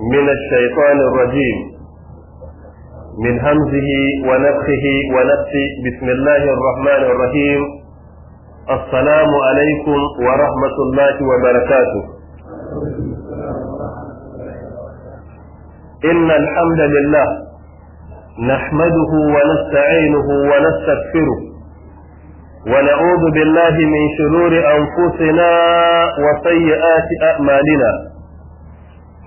من الشيطان الرجيم من همزه ونفخه ونفسه بسم الله الرحمن الرحيم السلام عليكم ورحمة الله وبركاته إن الحمد لله نحمده ونستعينه ونستغفره ونعوذ بالله من شرور أنفسنا وسيئات أعمالنا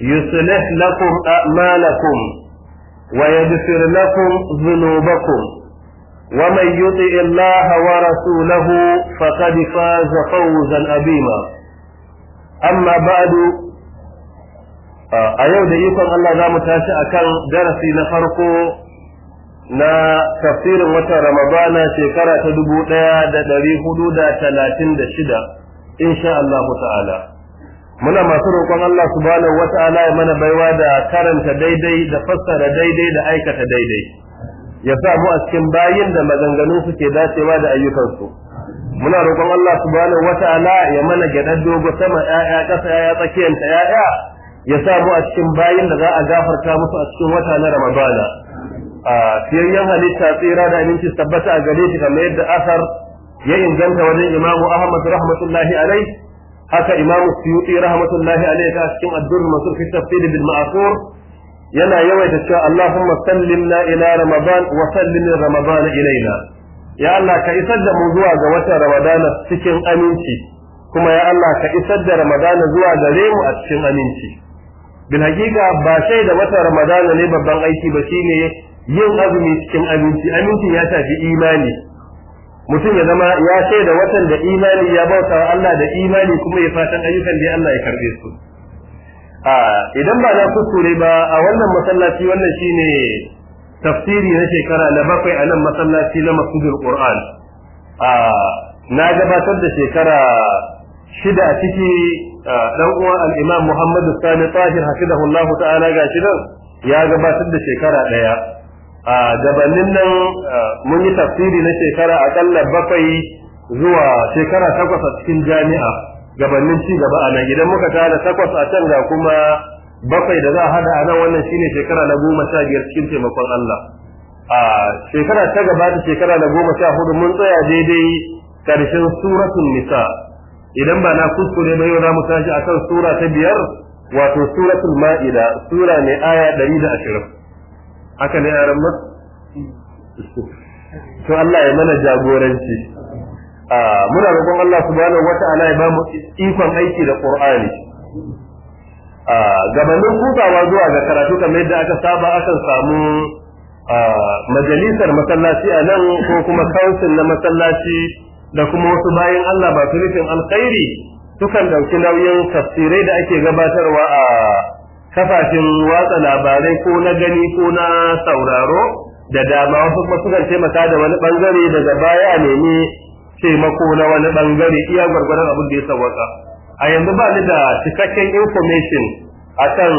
يصلح لكم أعمالكم ويغفر لكم ذنوبكم ومن يطع الله ورسوله فقد فاز فوزا عظيما أما بعد a yau da ikon Allah za mu tashi a kan darasi na farko na tafsirin watan Ramadana shekara ta dubu ɗaya da ɗari hudu da talatin da shida, insha Allah ta'ala. muna masu roƙon Allah subhanahu wata'ala ya mana baiwa da karanta daidai da fassara daidai da aikata daidai ya sa mu a cikin bayin da maganganu suke dacewa da ayyukansu muna roƙon Allah subhanahu wata'ala ya mana gyadar dogo sama ƴaƴa ƙasa ƴaƴa ta ƴaƴa ya sa mu a cikin bayin da za a gafarta musu a cikin wata na Ramadana a fiyayyen halitta tsira da aminci tabbata a gare shi kamar yadda asar ya inganta wajen imamu Ahmad rahmatullahi alaihi haka imamu suyuti rahmatullahi alaihi ta cikin addu'ar masul fi tafsir bil ma'thur yana yawaita cewa Allahumma sallimna ila ramadan wa sallim ramadan ilaina ya Allah ka isar da mu zuwa ga watan ramadana cikin aminci kuma ya Allah ka isar da ramadana zuwa gare mu a cikin aminci bil hakika ba sai da watan ramadana ne babban aiki ba shine yin azumi cikin aminci aminci ya tafi imani mutum ya zama ya ce da watan da imani ya bauta wa Allah da imani kuma ya fatan ayyukan da Allah ya karbe su a idan ba na kuskure ba a wannan masallaci wannan shine tafsiri na shekara na bakwai a nan masallaci na masudul qur'an a na gabatar da shekara shida a ciki dan uwan al-imam Muhammad Sani Tahir hafizahullahu ta'ala ga shi ya gabatar da shekara ɗaya. a gabanin nan mun yi tafsiri na shekara a akalla bakwai zuwa shekara takwas a cikin jami'a gabanin ci gaba a nan idan muka tara takwas a can ga kuma bakwai da za a hada a nan wannan shine shekara na goma sha biyar cikin taimakon Allah a shekara ta gabata shekara na goma sha hudu mun tsaya daidai karshen suratun nisa idan ba na kuskure ba yau za mu tashi akan sura ta biyar wato suratul ma'ida sura mai aya ɗari da ashirin haka ne yaran ma to Allah ya mana jagoranci a muna roƙon Allah subhanahu wata'ala ya bamu ikon aiki da Qur'ani a gabanin hutawa zuwa ga karatu kamar yadda aka saba akan samu majalisar masallaci a nan ko kuma kansil na masallaci da kuma wasu bayan Allah ba su nufin alkhairi sukan ɗauki nauyin tafsirai da ake gabatarwa a kafafen watsa labarai ko na gani ko na sauraro da dama wasu kuma sukan taimaka da wani bangare daga baya a nemi taimako na wani bangare iya gwargwaron abin da ya sauwaka a yanzu ba ni da cikakken information kan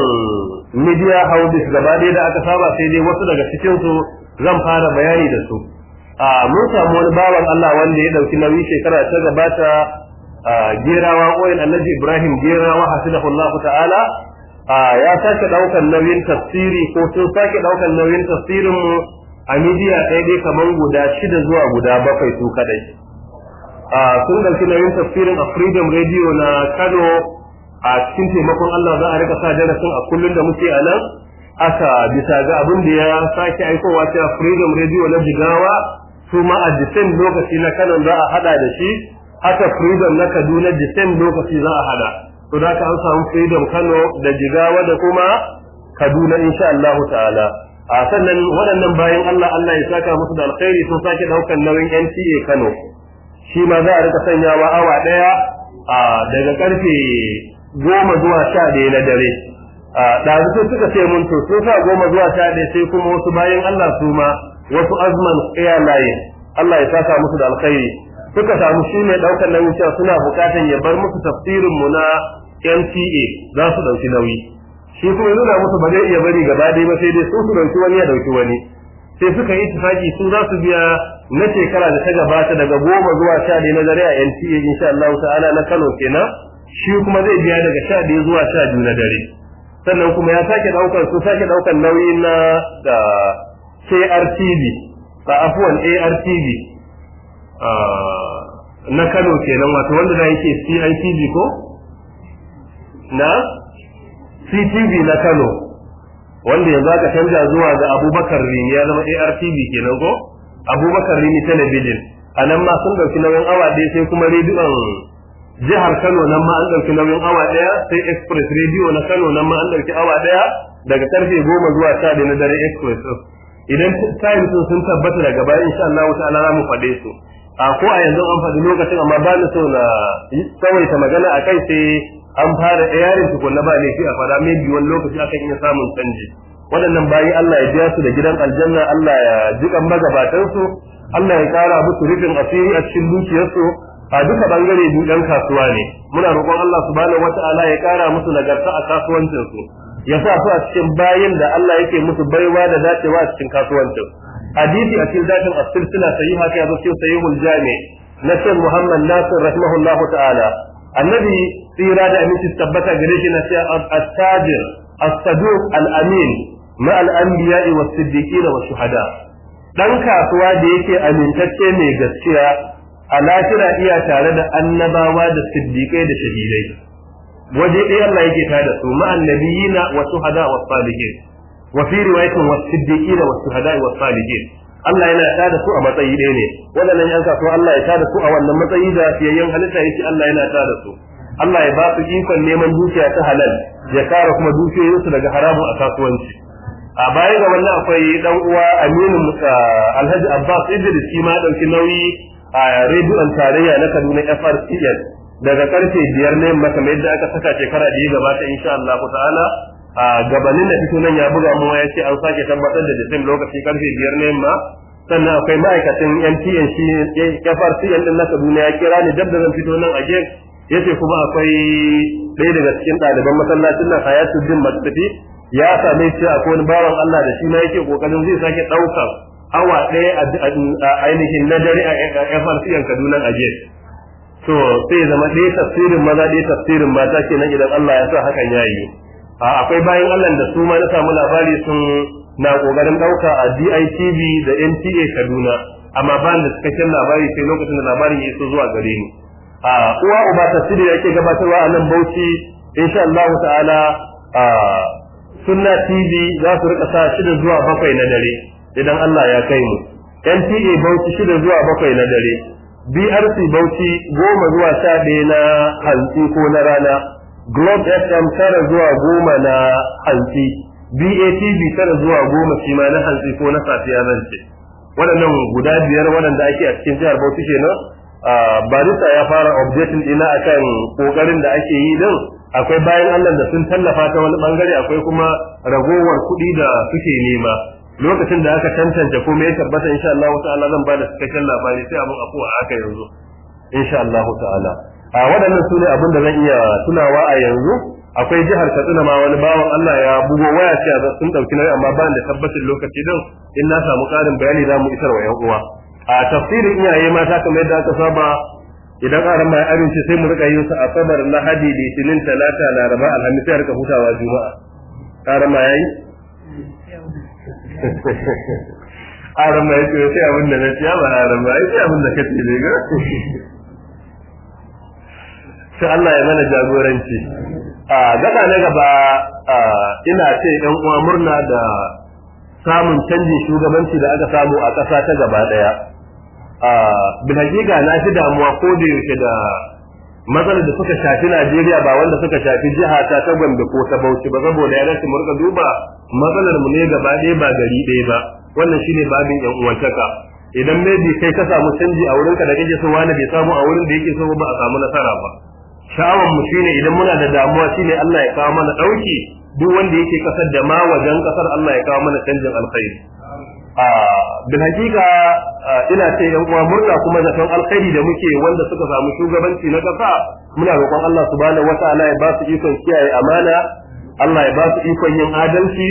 media houses gaba ɗaya da aka saba sai dai wasu daga cikin su zan fara bayani da su a mun samu wani bawan Allah wanda ya ɗauki nauyi shekara ta gabata gerawa oil annabi Ibrahim gerawa hasidahu Allah ta'ala a ya sake daukan nauyin tafsiri ko sun sake daukan nauyin tafsirin mu a midiya ɗaya dai kamar guda shida zuwa guda bakwai su kadai sun ɗauki nauyin tafsirin a freedom radio na kano a cikin taimakon allah za a rika sa darasin a kullum da muke a nan aka bisa ga abin da ya sake aikowa cewa freedom radio na jigawa su ma a disen lokaci na kano za a hada da shi haka freedom na kaduna disen lokaci za a hada to da ka an samu freedom Kano da Jigawa da kuma Kaduna insha Allah ta'ala a sannan waɗannan bayan Allah Allah ya saka musu da alkhairi sun sake daukan nauyin NTA Kano shi ma za a rika sanyawa awa daya a daga karfe goma zuwa sha ɗaya na dare ɗazu sai suka ce mun to sun sa goma zuwa sha ɗaya sai kuma wasu bayan Allah su ma wasu azman airline Allah ya saka musu da alkhairi suka samu shi ne ɗaukar nauyin cewa suna bukatan ya bar musu tafsirin mu na NTA za su ɗauki nauyi shi kuma ya nuna musu ba zai iya bari gaba dai ba sai dai su su ɗauki wani ya ɗauki wani sai suka yi tufaki su za su biya na shekara da ta gabata daga goma zuwa sha ɗaya na dare a NTA insha Allah ta'ala na Kano kenan shi kuma zai biya daga sha ɗaya zuwa sha biyu na dare sannan kuma ya sake ɗaukar su sake ɗaukar nauyi na da KRTV da afuwan ARTV na Kano kenan wato wanda da yake CITV ko na ctv na kano wanda yanzu aka canja zuwa ga abubakar rini ya zama artv kenan ko abubakar rini television anan nan ma sun ɗauki nauyin awa ɗaya sai kuma rediyon jihar kano nan ma an ɗauki nauyin awa ɗaya sai express radio na kano nan ma an ɗauki awa ɗaya daga karfe goma zuwa sha na dare express idan time sun sun tabbata daga baya insha Allah wata za mu faɗe su a ko a yanzu an faɗi lokacin amma ba ni so na tsawaita magana a kai sai an fara yarin tukunna ba ne shi a fara mai wani lokaci akan iya samun canji waɗannan bayi Allah ya biya su da gidan aljanna Allah ya ji magabatan magabatansu Allah ya kara musu rufin asiri a cikin dukiyarsu a duka bangare biyu ɗan kasuwa ne muna roƙon Allah subhanahu wata'ala ya kara musu nagarta a kasuwancinsu ya sa su a cikin bayin da Allah yake musu baiwa da dacewa a cikin kasuwancin hadisi a cikin zatin as-silsila sahiha ta zo cikin sahihul jami' na Muhammad Nasir rahimahullahu ta'ala annabi tsira da aminci tabbata gare shi na sai at-tajir as-saduq al-amin ma al-anbiya'i was-siddiqina wash-shuhada dan kasuwa da yake amintacce mai gaskiya a lafira iya tare da annabawa da siddiqai da shahidai waje ɗaya Allah yake tada su ma'an nabiyina wa shuhada wa salihin wa fi riwayatin wa siddiqina wa shuhada wa salihin Allah yana ta da su a matsayi ɗaya ne waɗannan yan kasuwa Allah ya ta da su a wannan matsayi da fiyayyen halitta yake Allah yana ta da su Allah ya ba su ikon neman dukiya ta halal ya kara kuma dukiyoyinsu daga haramun a kasuwanci a baya ga wannan akwai dan uwa Aminu Alhaji Abbas Idris shi ma dauki nauyi a rediyon tarayya na Kaduna FRCS daga karfe biyar ne maka mai yadda aka saka shekara biyu gaba ta insha Allah ta'ala a gabanin da fito nan ya buga mu ya ce an sake tabbatar da jisim lokaci karfe biyar na yamma sannan akwai ma'aikacin MTN shi FRCN din na Kaduna ya kira ni dab zan fito nan a Ya yace kuma akwai ɗaya daga cikin ɗaliban masallacin nan Hayatuddin Masfi ya same shi a wani bawan Allah da shi ma yake kokarin zai sake ɗaukar awa ɗaya a ainihin na dare a FRCN Kaduna a je. to sai zama ɗaya tafsirin maza ɗaya tafsirin mata kenan idan Allah ya sa hakan ya yi. akwai bayan Allah da su ma na samu labari sun na kokarin dauka a DITV da NTA Kaduna amma ba da suka cikakken labari sai lokacin da labarin ya iso zuwa gare ni a uwa uba sidi yake gabatarwa a nan Bauchi insha Allah ta'ala a Sunna TV za su rika sa shida zuwa bakwai na dare idan Allah ya kai mu NTA Bauchi shida zuwa bakwai na dare BRC Bauchi goma zuwa 11 na hantsi ko na rana globe fm tara zuwa goma na hantsi batv tara zuwa goma shi ma na hantsi ko na safiya zan ce waɗannan guda biyar waɗanda ake a cikin jihar bauchi kenan barista ya fara objectin ɗina akan ƙoƙarin da ake yi din akwai bayan allah da sun tallafa ta wani ɓangare. akwai kuma ragowar kuɗi da suke nema lokacin da aka tantance kuma ya tabbata insha Allah ta'ala zan ba da cikakken labari sai abin afuwa aka yanzu insha Allah ta'ala a waɗannan su ne abin da zan iya tunawa a yanzu akwai jihar katsina ma wani bawan allah ya bugo waya ce a sun ɗauki nauyi amma bayan da tabbacin lokaci din in na samu ƙarin bayani za mu isar wa yan uwa a tafsirin iyaye mata kamar yadda aka saba idan an ma ya amince sai mu rika yin sa asabar lahadi litinin talata laraba alhamis sai rika hutawa juma'a ƙarar ma yayi ƙarar ma yace sai abin da na ciya ba ƙarar ma yace abin da ce ne ga sai Allah ya mana jagoranci a gaba na gaba ina ce ɗan uwa murna da samun canjin shugabanci da aka samu a ƙasa ta gaba ɗaya a bin hakika na shi damuwa ko da yake da matsalar da suka shafi Najeriya ba wanda suka shafi jiha ta ta Gombe ko ta Bauchi ba saboda ya rasu murka duba matsalar mu ne gaba ɗaya ba gari ɗaya ba wannan shine babin yan uwantaka idan maybe kai ka samu canji a wurinka da kake so wani bai samu a wurin da yake so ba a samu nasara ba sha'awar mu shine idan muna da damuwa shine Allah ya kawo mana dauki duk wanda yake kasar da ma wajen kasar Allah ya kawo mana canjin alkhairi a bin hakika ina ce yan uwa murna kuma zaton alkhairi da muke wanda suka samu shugabanci na kasa muna roƙon Allah subhanahu wataala ya ba su ikon kiyaye amana Allah ya ba su ikon yin adalci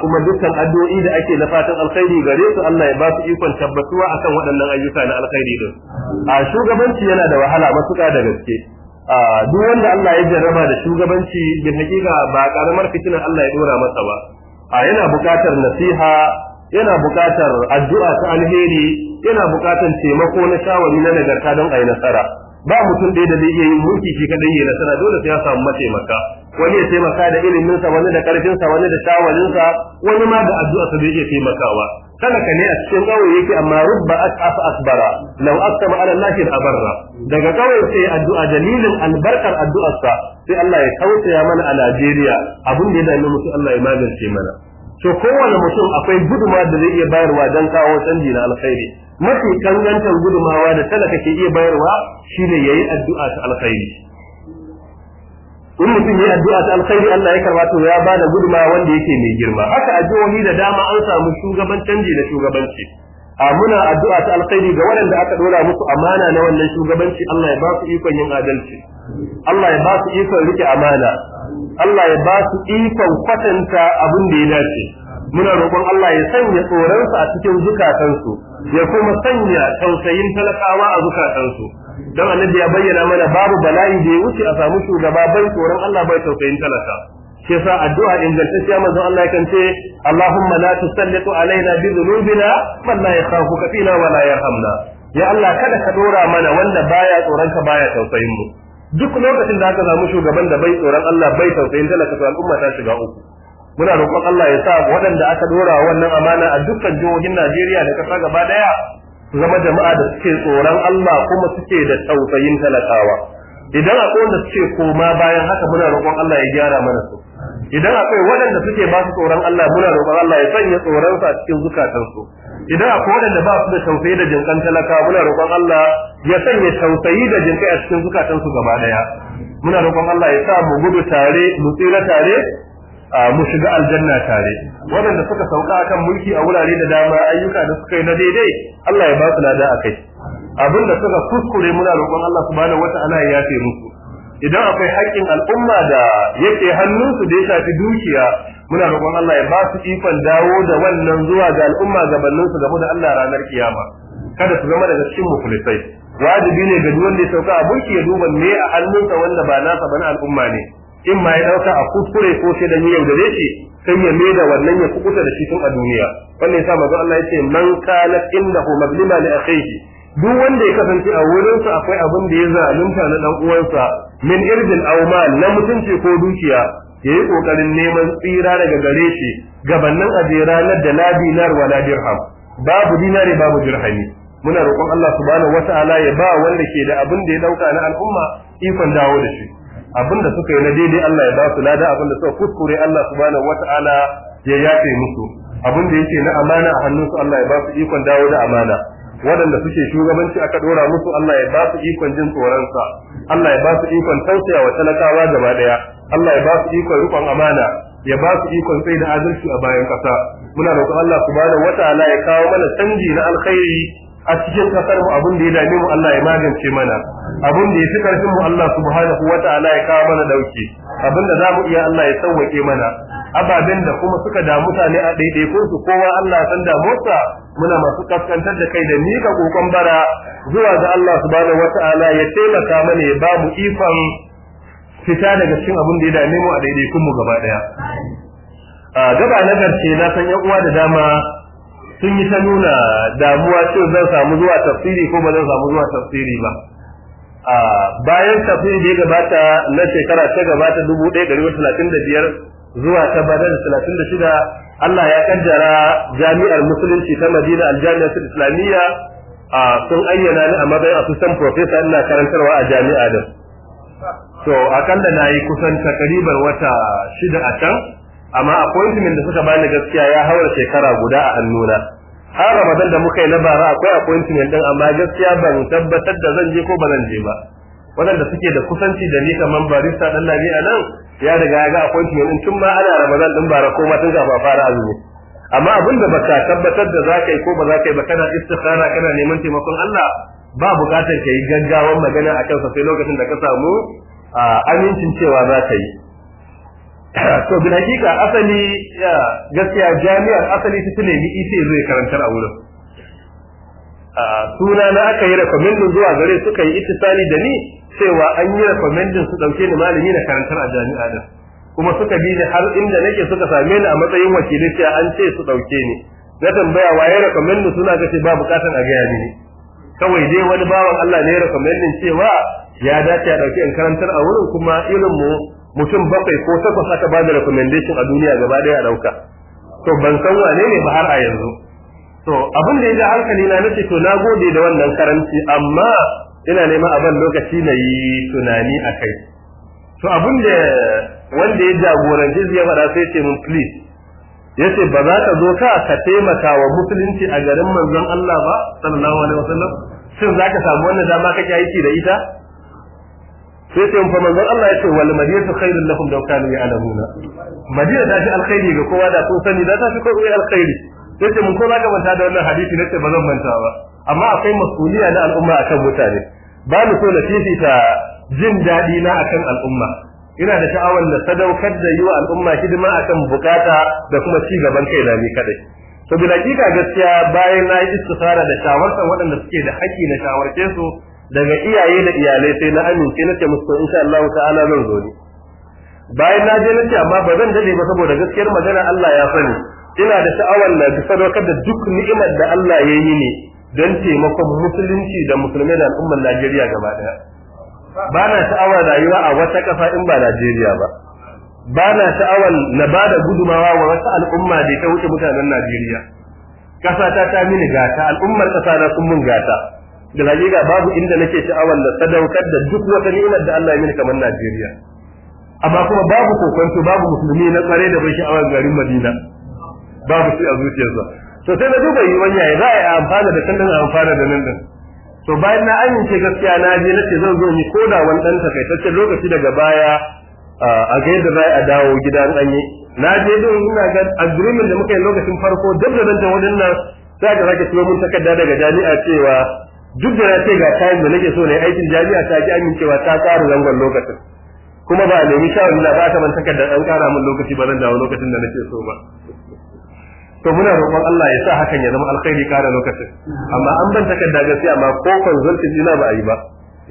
kuma dukkan addu'o'i da ake na fatan alkhairi gare su Allah ya ba su ikon tabbatuwa akan waɗannan ayyuka na alkhairi din a shugabanci yana da wahala matuƙa da gaske duk wanda Allah ya jarraba da shugabanci bin hakika ba karamar fitina Allah ya dora masa ba a yana buƙatar nasiha yana bukatar addu'a ta alheri yana bukatar taimako na shawari na nagarta don a nasara ba mutum ɗaya da zai iya yi mulki shi kaɗai ya nasara dole sai ya samu mataimaka wani ya taimaka da iliminsa wani da ƙarfinsa wani da shawarinsa wani ma da addu'a sa zai iya taimakawa talaka ne a cikin ƙauye yake amma rubba asaf asbara law ba ala allahi abarra daga ƙauye sai addu'a dalilin albarkar addu'arsa sai Allah ya tausaya mana a Najeriya abin da ya dame mutu Allah ya magance mana to kowane mutum akwai guduma da zai iya bayarwa don kawo canji na alkhairi mafi kangantar gudumawa da talaka ke iya bayarwa shine yayi addu'a ta alkhairi in mutum ya addu'a ta alkhairi Allah ya karba to ya bada guduma wanda yake mai girma haka a jihohi da dama an samu shugaban canji da shugabanci a muna addu'a ta alkhairi ga waɗanda aka dora musu amana na wannan shugabanci Allah ya ba su ikon yin adalci Allah ya ba su ikon rike amana Allah ya ba su ikon kwatanta abin da ya dace muna roƙon Allah ya sanya su a cikin zukatansu ya kuma sanya tausayin talakawa a zukatansu don annabi ya bayyana mana babu bala'i da ya wuce a samu shugaba bai tsoron Allah bai tausayin talaka Ke sa addu'a ingantacciya manzon Allah yakan ce Allahumma la tusallitu alaina bi dhunubina man la yakhafuka fina wa la yarhamna ya Allah kada ka dora mana wanda baya tsoron ka baya tausayin mu duk lokacin da aka samu shugaban da bai tsoron Allah bai tausayin talaka to al'umma ta shiga uku muna roƙon Allah ya sa waɗanda aka dora wannan amana a dukkan jihohin Najeriya da ƙasa gaba daya zama jama'a da suke tsoron Allah kuma suke da tausayin talakawa idan akwai wanda suke koma bayan haka muna roƙon Allah ya gyara mana su idan akwai waɗanda suke ba su tsoron Allah muna roƙon Allah ya sanya tsoron sa cikin zukatansu idan akwai waɗanda ba su da tausayi da jinkan talaka muna roƙon Allah ya sanya tausayi da jinkai a cikin zukatansu gaba ɗaya muna roƙon Allah ya sa mu gudu tare mu tsira tare mu shiga aljanna tare waɗanda suka sauka akan mulki a wurare da dama ayyuka da suka yi na daidai Allah ya ba su lada akai abinda suka kuskure muna roƙon Allah subhanahu wata'ala ya yafe musu idan akwai haƙƙin al'umma da yake hannunsu da ya shafi dukiya muna roƙon Allah ya ba su ikon dawo da wannan zuwa ga al'umma ga su gaba da Allah ranar kiyama kada su zama daga cikin mukulisai wajibi ne ga duk wanda ya sauka a mulki ya duba me a hannunsa wanda ba nasa bane al'umma ne in ma ya dauka a kuskure ko sai da ni yau da shi sai ya da wannan ya kukuta da shi tun a duniya ya yasa manzo Allah ya ce man kana indahu mablima li akhihi duk wanda ya kasance a wurinsa akwai abin da ya zalunta na dan uwansa min irdin aw mal na mutunci ko dukiya ya yi kokarin neman tsira daga gare shi gabannin aje ranar da la dinar wala dirham babu dinari babu dirhami muna roƙon Allah subhanahu wataala ya ba wanda ke da abin da ya dauka na al'umma ikon dawo da shi abinda suka yi na daidai Allah ya ba su lada da suka kuskure Allah subhanahu wata'ala ya yafe musu abinda yake na amana a hannun su Allah ya ba su ikon dawo da amana waɗanda suke shugabanci aka dora musu Allah ya ba su ikon jin tsoron sa Allah ya ba su ikon tausaya wa talakawa gaba daya Allah ya ba su ikon rikon amana ya ba su ikon tsaye da adalci a bayan ƙasa muna roƙon Allah subhanahu wata'ala ya kawo mana canji na alkhairi a cikin kasar mu abin da ya dame mu Allah ya magance mana abin da ya fi karfin mu Allah subhanahu wataala ya kawo mana ɗauke. abin da zamu iya Allah ya sauwake mana ababen da kuma suka da mutane a ko su kowa Allah ya san damuwarsa muna masu kaskantar da kai da ka kokon bara zuwa ga Allah subhanahu wataala ya taimaka mana ya babu ifan fita daga cikin abin da ya dame mu a kun mu gaba daya gaba na karshe na san yan uwa da dama sun yi ta nuna damuwa cewa zan samu zuwa tafsiri ko ba zan samu zuwa tafsiri ba a bayan tafsiri da ya gabata na shekara ta gabata dubu ɗaya ɗari talatin da biyar zuwa ta bada da talatin da shida Allah ya kaddara jami'ar musulunci ta Madina aljami'ar Islamiyya a sun ayyana ni a matsayin assistant profesa ina karantarwa a jami'a din to akalla na yi kusan takaribar wata shida a can amma appointment da suka bani gaskiya ya haura shekara guda a hannuna har ramadan da muka yi na bara akwai appointment din amma gaskiya ban tabbatar da zan je ko ba zan je ba waɗanda suke da kusanci da ni kamar barista dan labi a nan ya riga ya ga appointment din tun ma ana ramadan din bara ko ma tun kafa fara azumi amma abin da baka tabbatar da za ka yi ko ba za ka yi ba kana istikhara kana neman taimakon Allah ba bukatar ka yi gaggawan magana a kansa sai lokacin da ka samu amincin cewa za ka yi to bin hakika asali gaskiya jami'ar asali ta nemi ita zai karantar a wurin suna na aka yi rekomendin zuwa gare suka yi itisali da ni cewa an yi rekomendin su ɗauke ni malami na karantar a jami'a da. kuma suka bi ni har inda nake suka same ni a matsayin wakili sai an ce su ɗauke ni na tambaya waye rekomendin suna ga ba bukatan a gaya mini kawai dai wani bawan Allah ne rekomendin cewa ya dace a dauke in karantar a wurin kuma irin mu mutum bakwai ko takwas aka ba da recommendation a duniya gaba daya a dauka to ban san wane ne ba har a yanzu to abin da ya ji hankali na nace to na gode da wannan karanci amma ina a ban lokaci na yi tunani a kai to abin da wanda ya jagoranci zai faɗa sai ce mun please yace ba za ka zo ka ka taimaka wa musulunci a garin manzon Allah ba sallallahu alaihi wasallam shin zaka samu wannan dama kake aiki da ita sai ce fa manzon Allah ya ce wal madinatu khairul lakum law kanu ya'lamuna madina ta fi alkhairi ga kowa da sun sani da ta fi kowa alkhairi sai ce mun kowa ga manta da wannan hadisi ne sai bazan manta ba amma akwai mas'uliya na al'umma akan mutane ba ni so na fifita jin daɗi na akan al'umma ina da sha'awar na sadaukar da yi wa al'umma hidima akan bukata da kuma ci gaban kai na ni kadai to bi gaskiya bayan na yi istisara da shawartar waɗanda suke da haƙƙi na shawarce su daga iyaye da iyalai sai na amince na ce musu insha Allah ta'ala zan zo ne bayan na je na ce amma ba zan dade ba saboda gaskiyar magana Allah ya sani ina da sha'awar na sadaukar da duk ni'imar da Allah ya yi ne don taimakon musulunci da musulmai da al'ummar Najeriya gaba daya ba na sha'awar rayuwa a wata kafa in ba Najeriya ba ba na sha'awar na ba da gudumawa wa wata al'umma da ta wuce mutanen Najeriya ƙasata ta mini gata al'ummar ƙasa na sun mun gata da hakika babu inda nake sha'awar da sadaukar da duk wata ni'imar da Allah ya mini kamar Najeriya amma kuma babu kokonto babu musulmi na tsare da bai sha'awar garin Madina babu shi a zuciyarsa to sai na duba yi wani yayi za a yi amfana da kallon amfana da nan din to bayan na amince gaskiya na je nace zan zo ni koda wani dan takaitaccen lokaci daga baya a ga yadda za a dawo gida an yi na je din ina ga agreement da muka yi lokacin farko duk da zan wajen nan sai ga zaka turo mun takarda daga jami'a cewa duk da na ce ga kayan da nake so na aikin jami'a ta ki amincewa ta tsara zangon lokacin kuma ba a nemi shawar da ba ta man takardar an ƙara min lokaci ba zan dawo lokacin da nake so ba to muna roƙon Allah ya sa hakan ya zama alkhairi kara lokacin amma an ban takarda gaskiya amma ko consulting ina ba a yi ba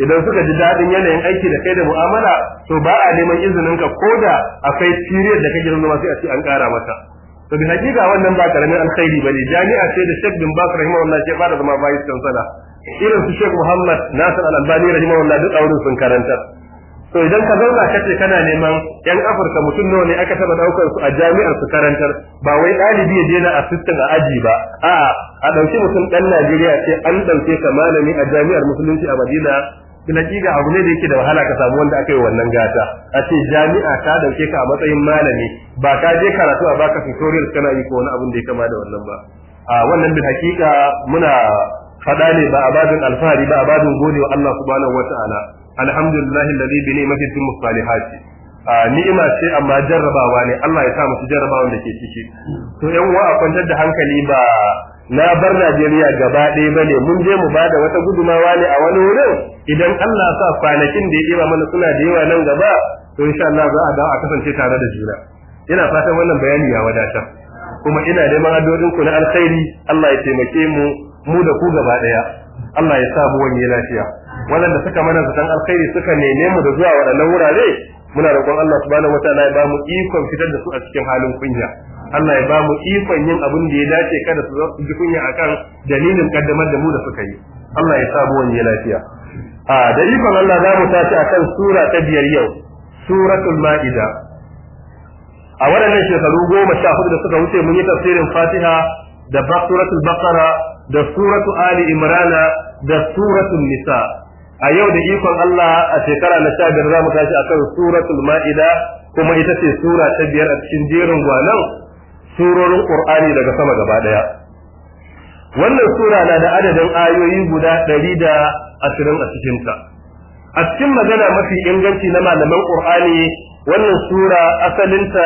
idan suka ji daɗin yanayin aiki da kai da mu'amala to ba a neman izinin ka ko da akwai period da kake zama sai a ce an ƙara mata to bi hakika wannan ba karamin alkhairi bane jami'a sai da Sheikh bin Bas rahimahullah ke fara zama vice chancellor irin su Sheikh Muhammad Nasir Al-Albani rahimahullah duk aure sun karanta to idan ka zauna ka ce kana neman yan Afirka mutum nawa ne aka taba daukar su a jami'ar su karantar ba wai dalibi ya je na assistant a aji ba a'a a dauki mutum dan Najeriya ce an dauke ka malami a jami'ar musulunci a Madina kiga abu ne da yake da wahala ka samu wanda aka yi wannan gata a ce jami'a ta dauke ka a matsayin malami ba ka je karatu a baka tutorial kana yi ko wani abun da ya kama da wannan ba a wannan bin hakika muna fada ne ba a babin alfahari ba a babin gode wa Allah subhanahu wata'ala alhamdulillahi alladhi bi ni'mati tumu salihati ni'ima ce amma jarrabawa ne Allah ya sa musu jarrabawar da ke ciki to yan uwa a kwantar da hankali ba na bar Najeriya gaba ɗaya bane mun je mu bada wata gudumawa ne a wani wurin idan Allah sa kwanakin da ya ɗiba mana suna da yawa nan gaba to insha Allah za a dawo a kasance tare da juna ina fatan wannan bayani ya wadatar kuma ina neman addu'o'in ku na alkhairi Allah ya taimake mu mu da ku gaba daya Allah ya sa mu wani lafiya waɗanda suka mana zaton alkhairi suka neme mu da zuwa waɗannan wurare muna roƙon Allah subhanahu wataala ya ba mu ikon fitar da su a cikin halin kunya Allah ya ba mu ikon yin abin da ya dace kada su ji kunya akan dalilin kaddamar da mu da suka yi Allah ya sa mu wani lafiya a da ikon Allah za mu tashi akan sura ta biyar yau suratul ma'ida a waɗannan shekaru goma sha hudu da suka wuce mun yi tafsirin fatiha da suratul baqara da suratu ali imrana da suratun nisa a yau da ikon Allah a shekara na sha biyar za mu tashi akan suratul ma'ida kuma ita ce sura ta biyar a cikin jerin gwanan surorin qur'ani daga sama gaba daya wannan sura na da adadin ayoyi guda ɗari da ashirin a cikinta a cikin magana mafi inganci na malaman qur'ani wannan sura asalinta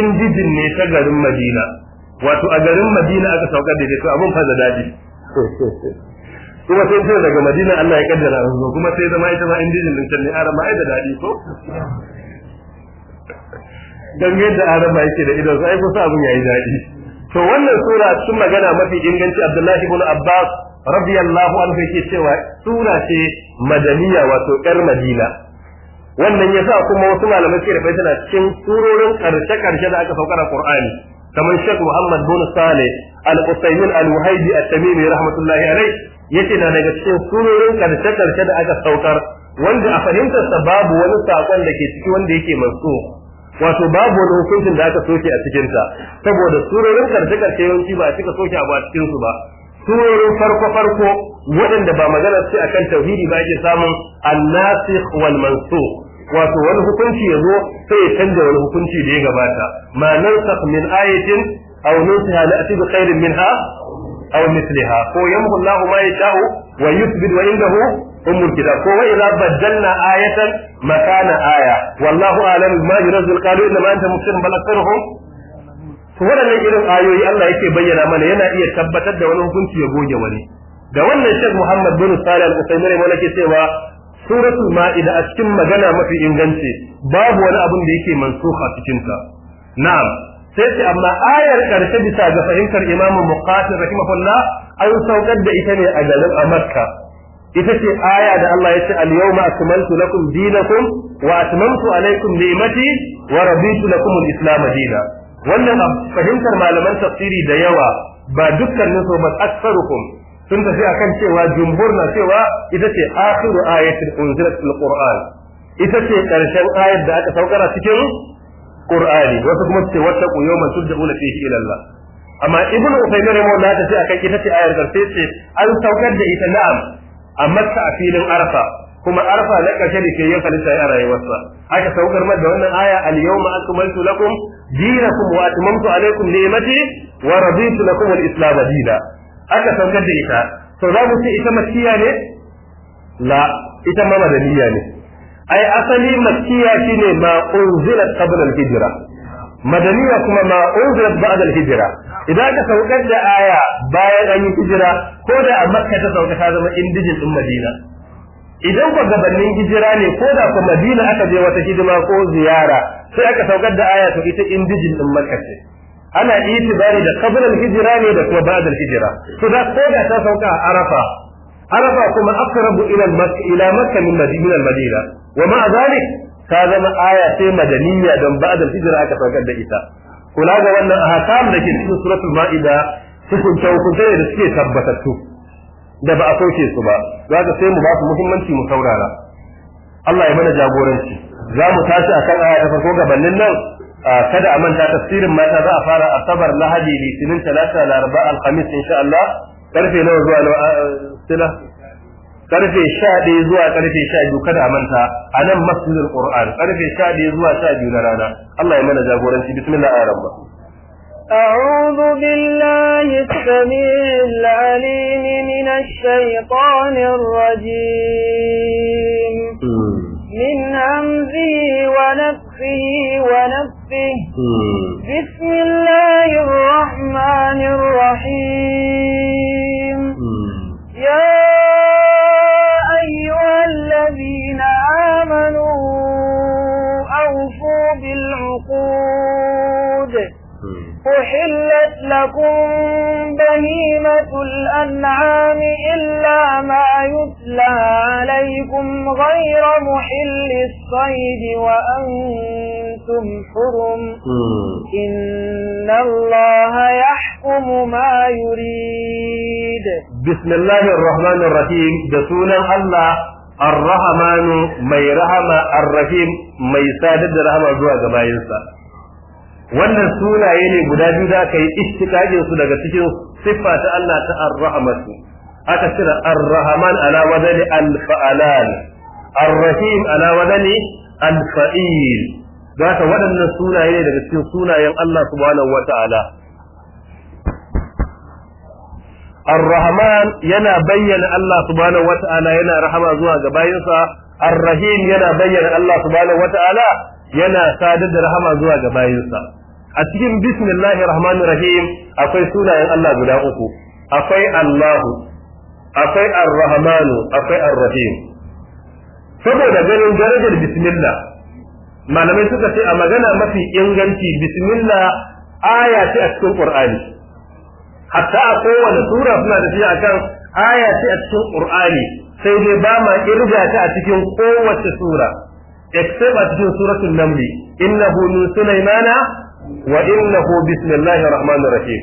indijin ne ta garin madina wato a garin madina aka saukar da to abin fasa daɗi kuma sai sai daga madina Allah ya kaddara an zo kuma sai zama ita ma indijin din ne arama ai da daɗi ko Don yadda arama yake da idan sai kusa abin yayi daɗi to wannan sura sun magana mafi inganci Abdullahi ibn Abbas radiyallahu anhu yake cewa sura ce madaniya wato yar madina wannan yasa kuma wasu malamai suke da tana cikin surorin karshe karshe da aka saukar a Qur'ani kamar Sheikh Muhammad bin Saleh Al-Usaymin Al-Wahidi At-Tamimi rahmatullahi alayh yace na daga cikin surorin karshe karshe da aka saukar wanda a fahimtar sa babu wani sakon da ke ciki wanda yake manso wato babu wani hukuncin da aka soke a cikin ta saboda surorin karshe karshe yawanci ba a cika soke a cikin su ba surorin farko farko waɗanda ba magana ce akan tauhidi ba ake samun an wal mansukh wato wani hukunci ya zo sai ya canza wani hukunci da ya gabata ma nansakh min ayatin aw nunsiha la'ti bi khairin minha aw mithliha ko yamhu Allahu ma yasha'u wa yuthbit wa indahu ummul kitab ko wa idza badalna ayatan makana aya wallahu a'lam ma yunzil qalu inna anta mufsirun bal aktharuhum to waɗannan irin ayoyi Allah yake bayyana mana yana iya tabbatar da wani hukunci ya goge wani da wannan Sheikh Muhammad bin Salih Al-Utsaymeen wanda ke cewa suratul ma'ida a cikin magana mafi inganci babu wani abun da yake mansuha cikin ta na'am sai ce amma ayar karshe bisa ga fahimtar imamu muqatil rahimahullah an saukar da ita ne a garin a makka ita ce aya da Allah ya ce al-yawma akmaltu lakum dinakum wa atmamtu alaykum ni'mati wa raditu lakum al-islam dina wannan fahimtar malaman tafsiri da yawa ba dukkanin su ba aksarukum sun tafi akan cewa jumhur na cewa ita ce akhiru ayatin unzilat fil qur'an ita ce karshen ayar da aka saukara cikin qur'ani wasu kuma ce wata yawman turja'una fihi ila Allah amma ibnu usaymin rahimahullah ta ce akan ita ce ayar karshe ce an saukar da ita na'am amma ta filin arfa kuma arfa na karshe da ke yanka lissa a rayuwarsa aka saukar mata da wannan aya al-yawma akmaltu lakum dinakum wa atmamtu alaykum ni'mati wa raditu lakum al-islam dinan aka saukar da ita to za mu ce ita makiya ne la ita ma madaniya ne ai asali makiya shine ma unzilat qabla al-hijra madaniya kuma ma unzilat ba'da al-hijra idan ka saukar da aya bayan an yi hijira ko da a makka ta sauka ta zama indijin din madina idan ku gabanin hijira ne ko da ku madina aka je wata hidima ko ziyara sai aka saukar da aya to ita indijin din makka ce ana itibari da qablan hijira ne da kuma ba'adar hijira to da ko da ta sauka a arafa arafa kuma aqrabu ila makka ila makka min madina madina wa ma zalik ta zama aya sai madaniya don ba'adar hijira aka saukar da ita kula ga wannan ahkam da ke cikin suratul ma'ida hukunta hukuntai da suke tabbatattu da ba a sauke su ba za ka sai mu ba su muhimmanci mu saurara Allah ya mana jagoranci za mu tashi akan aya ta farko gabanin nan kada a manta tafsirin mata za a fara asabar lahadi litinin talata laraba alhamis sha Allah karfe nawa zuwa sila karfe sha 11 zuwa karfe sha biyu kada a manta a nan masjidil qur'an karfe sha 11 zuwa sha biyu na rana Allah ya mana jagoranci bismillah ar-rahman أعوذ بالله السميع العليم من الشيطان الرجيم من همزه ونفسه بنفسه ونفسه بسم الله الرحمن الرحيم يا أيها الذين آمنوا أوفوا بالعقول أحلت لكم بهيمة الأنعام إلا ما يتلى عليكم غير محل الصيد وأنتم حرم إن الله يحكم ما يريد بسم الله الرحمن الرحيم دسونا الله الرحمن مي رحمة الرحيم مي سادد رحمة زواج باينسا wannan sunaye ne guda biyu da aka yi istiqaqin su daga cikin siffa ta Allah ta ar-rahmatu aka cira ar-rahman ala wadani al Arrahim ar-rahim ala wadani al-fa'il zaka waɗannan sunaye ne daga cikin sunayen Allah subhanahu wata'ala ar yana bayyana Allah subhanahu wata'ala yana rahama zuwa ga bayinsa arrahim yana bayyana Allah subhanahu wata'ala yana sadar da rahama zuwa ga bayinsa a cikin bismillahir rahmanir rahim akwai sunayen Allah guda uku akwai Allahu akwai ar-rahmanu akwai ar-rahim saboda ganin darajar bismillah malamai suka ce a magana mafi inganci bismillah aya ce a cikin qur'ani hatta a kowane sura suna da shi akan aya ce a cikin qur'ani sai dai ba ma kirga ta a cikin kowace sura except a cikin suratul namli innahu min sulaymana wa innahu bismillahir rahmanir rahim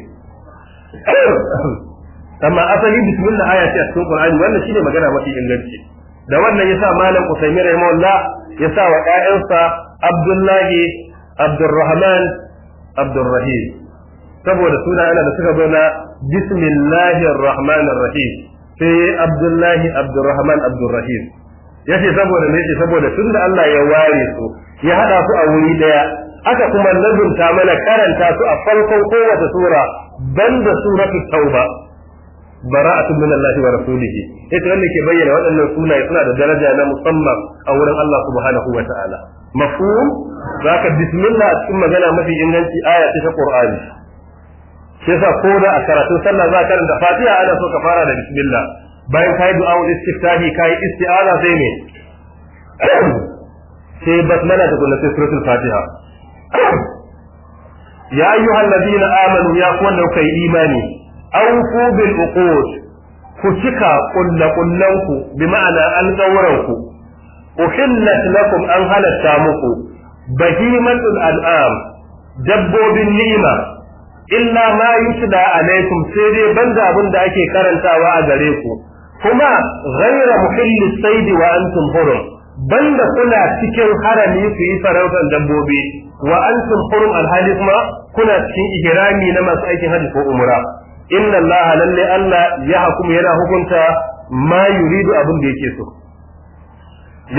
amma asali bismillah aya ce a cikin qur'ani wannan shine magana mafi inganci da wannan yasa malam usaimin rahimahullah yasa wa ƴaƴansa abdullahi abdurrahman abdurrahim saboda suna yana da suka zauna bismillahir rahmanir rahim sai abdullahi abdurrahman abdurrahim yace saboda ne yace saboda tunda Allah ya ware su ya hada su a wuri daya aka kuma lazumta mana karanta su a farkon kowace sura banda suratu tauba bara'atun min Allah wa rasulih Ita wanda ke bayyana waɗannan sunaye suna da daraja na musamman a wurin Allah subhanahu wa ta'ala mafhum zaka bismillah a cikin magana mafi inganci aya ta Qur'ani sai sa ko da a karatun sallah za ka da Fatiha ana so ka fara da bismillah bayan kai du'a ul istiftahi kai istiala sai ne sai basmala da kullu suratul Fatiha ya ayyuhal ladina amanu ya ku wanda kuka yi imani awfu bil uqud ku cika kullakullan ku bi ma'ana alƙawuran ku uhillat lakum an halarta muku bahimatul al'am dabbobin ni'ima illa ma yutla alaikum sai dai banda abin da ake karantawa a gare ku kuma ghayra muhillis saidi wa antum hurum banda kuna cikin harami su yi farautar dabbobi wa antum hurum alhali kuma kuna cikin ihrami na masu aikin hajji ko umra inna Allah lalle Allah ya hukumu yana hukunta ma yuridu abin da yake so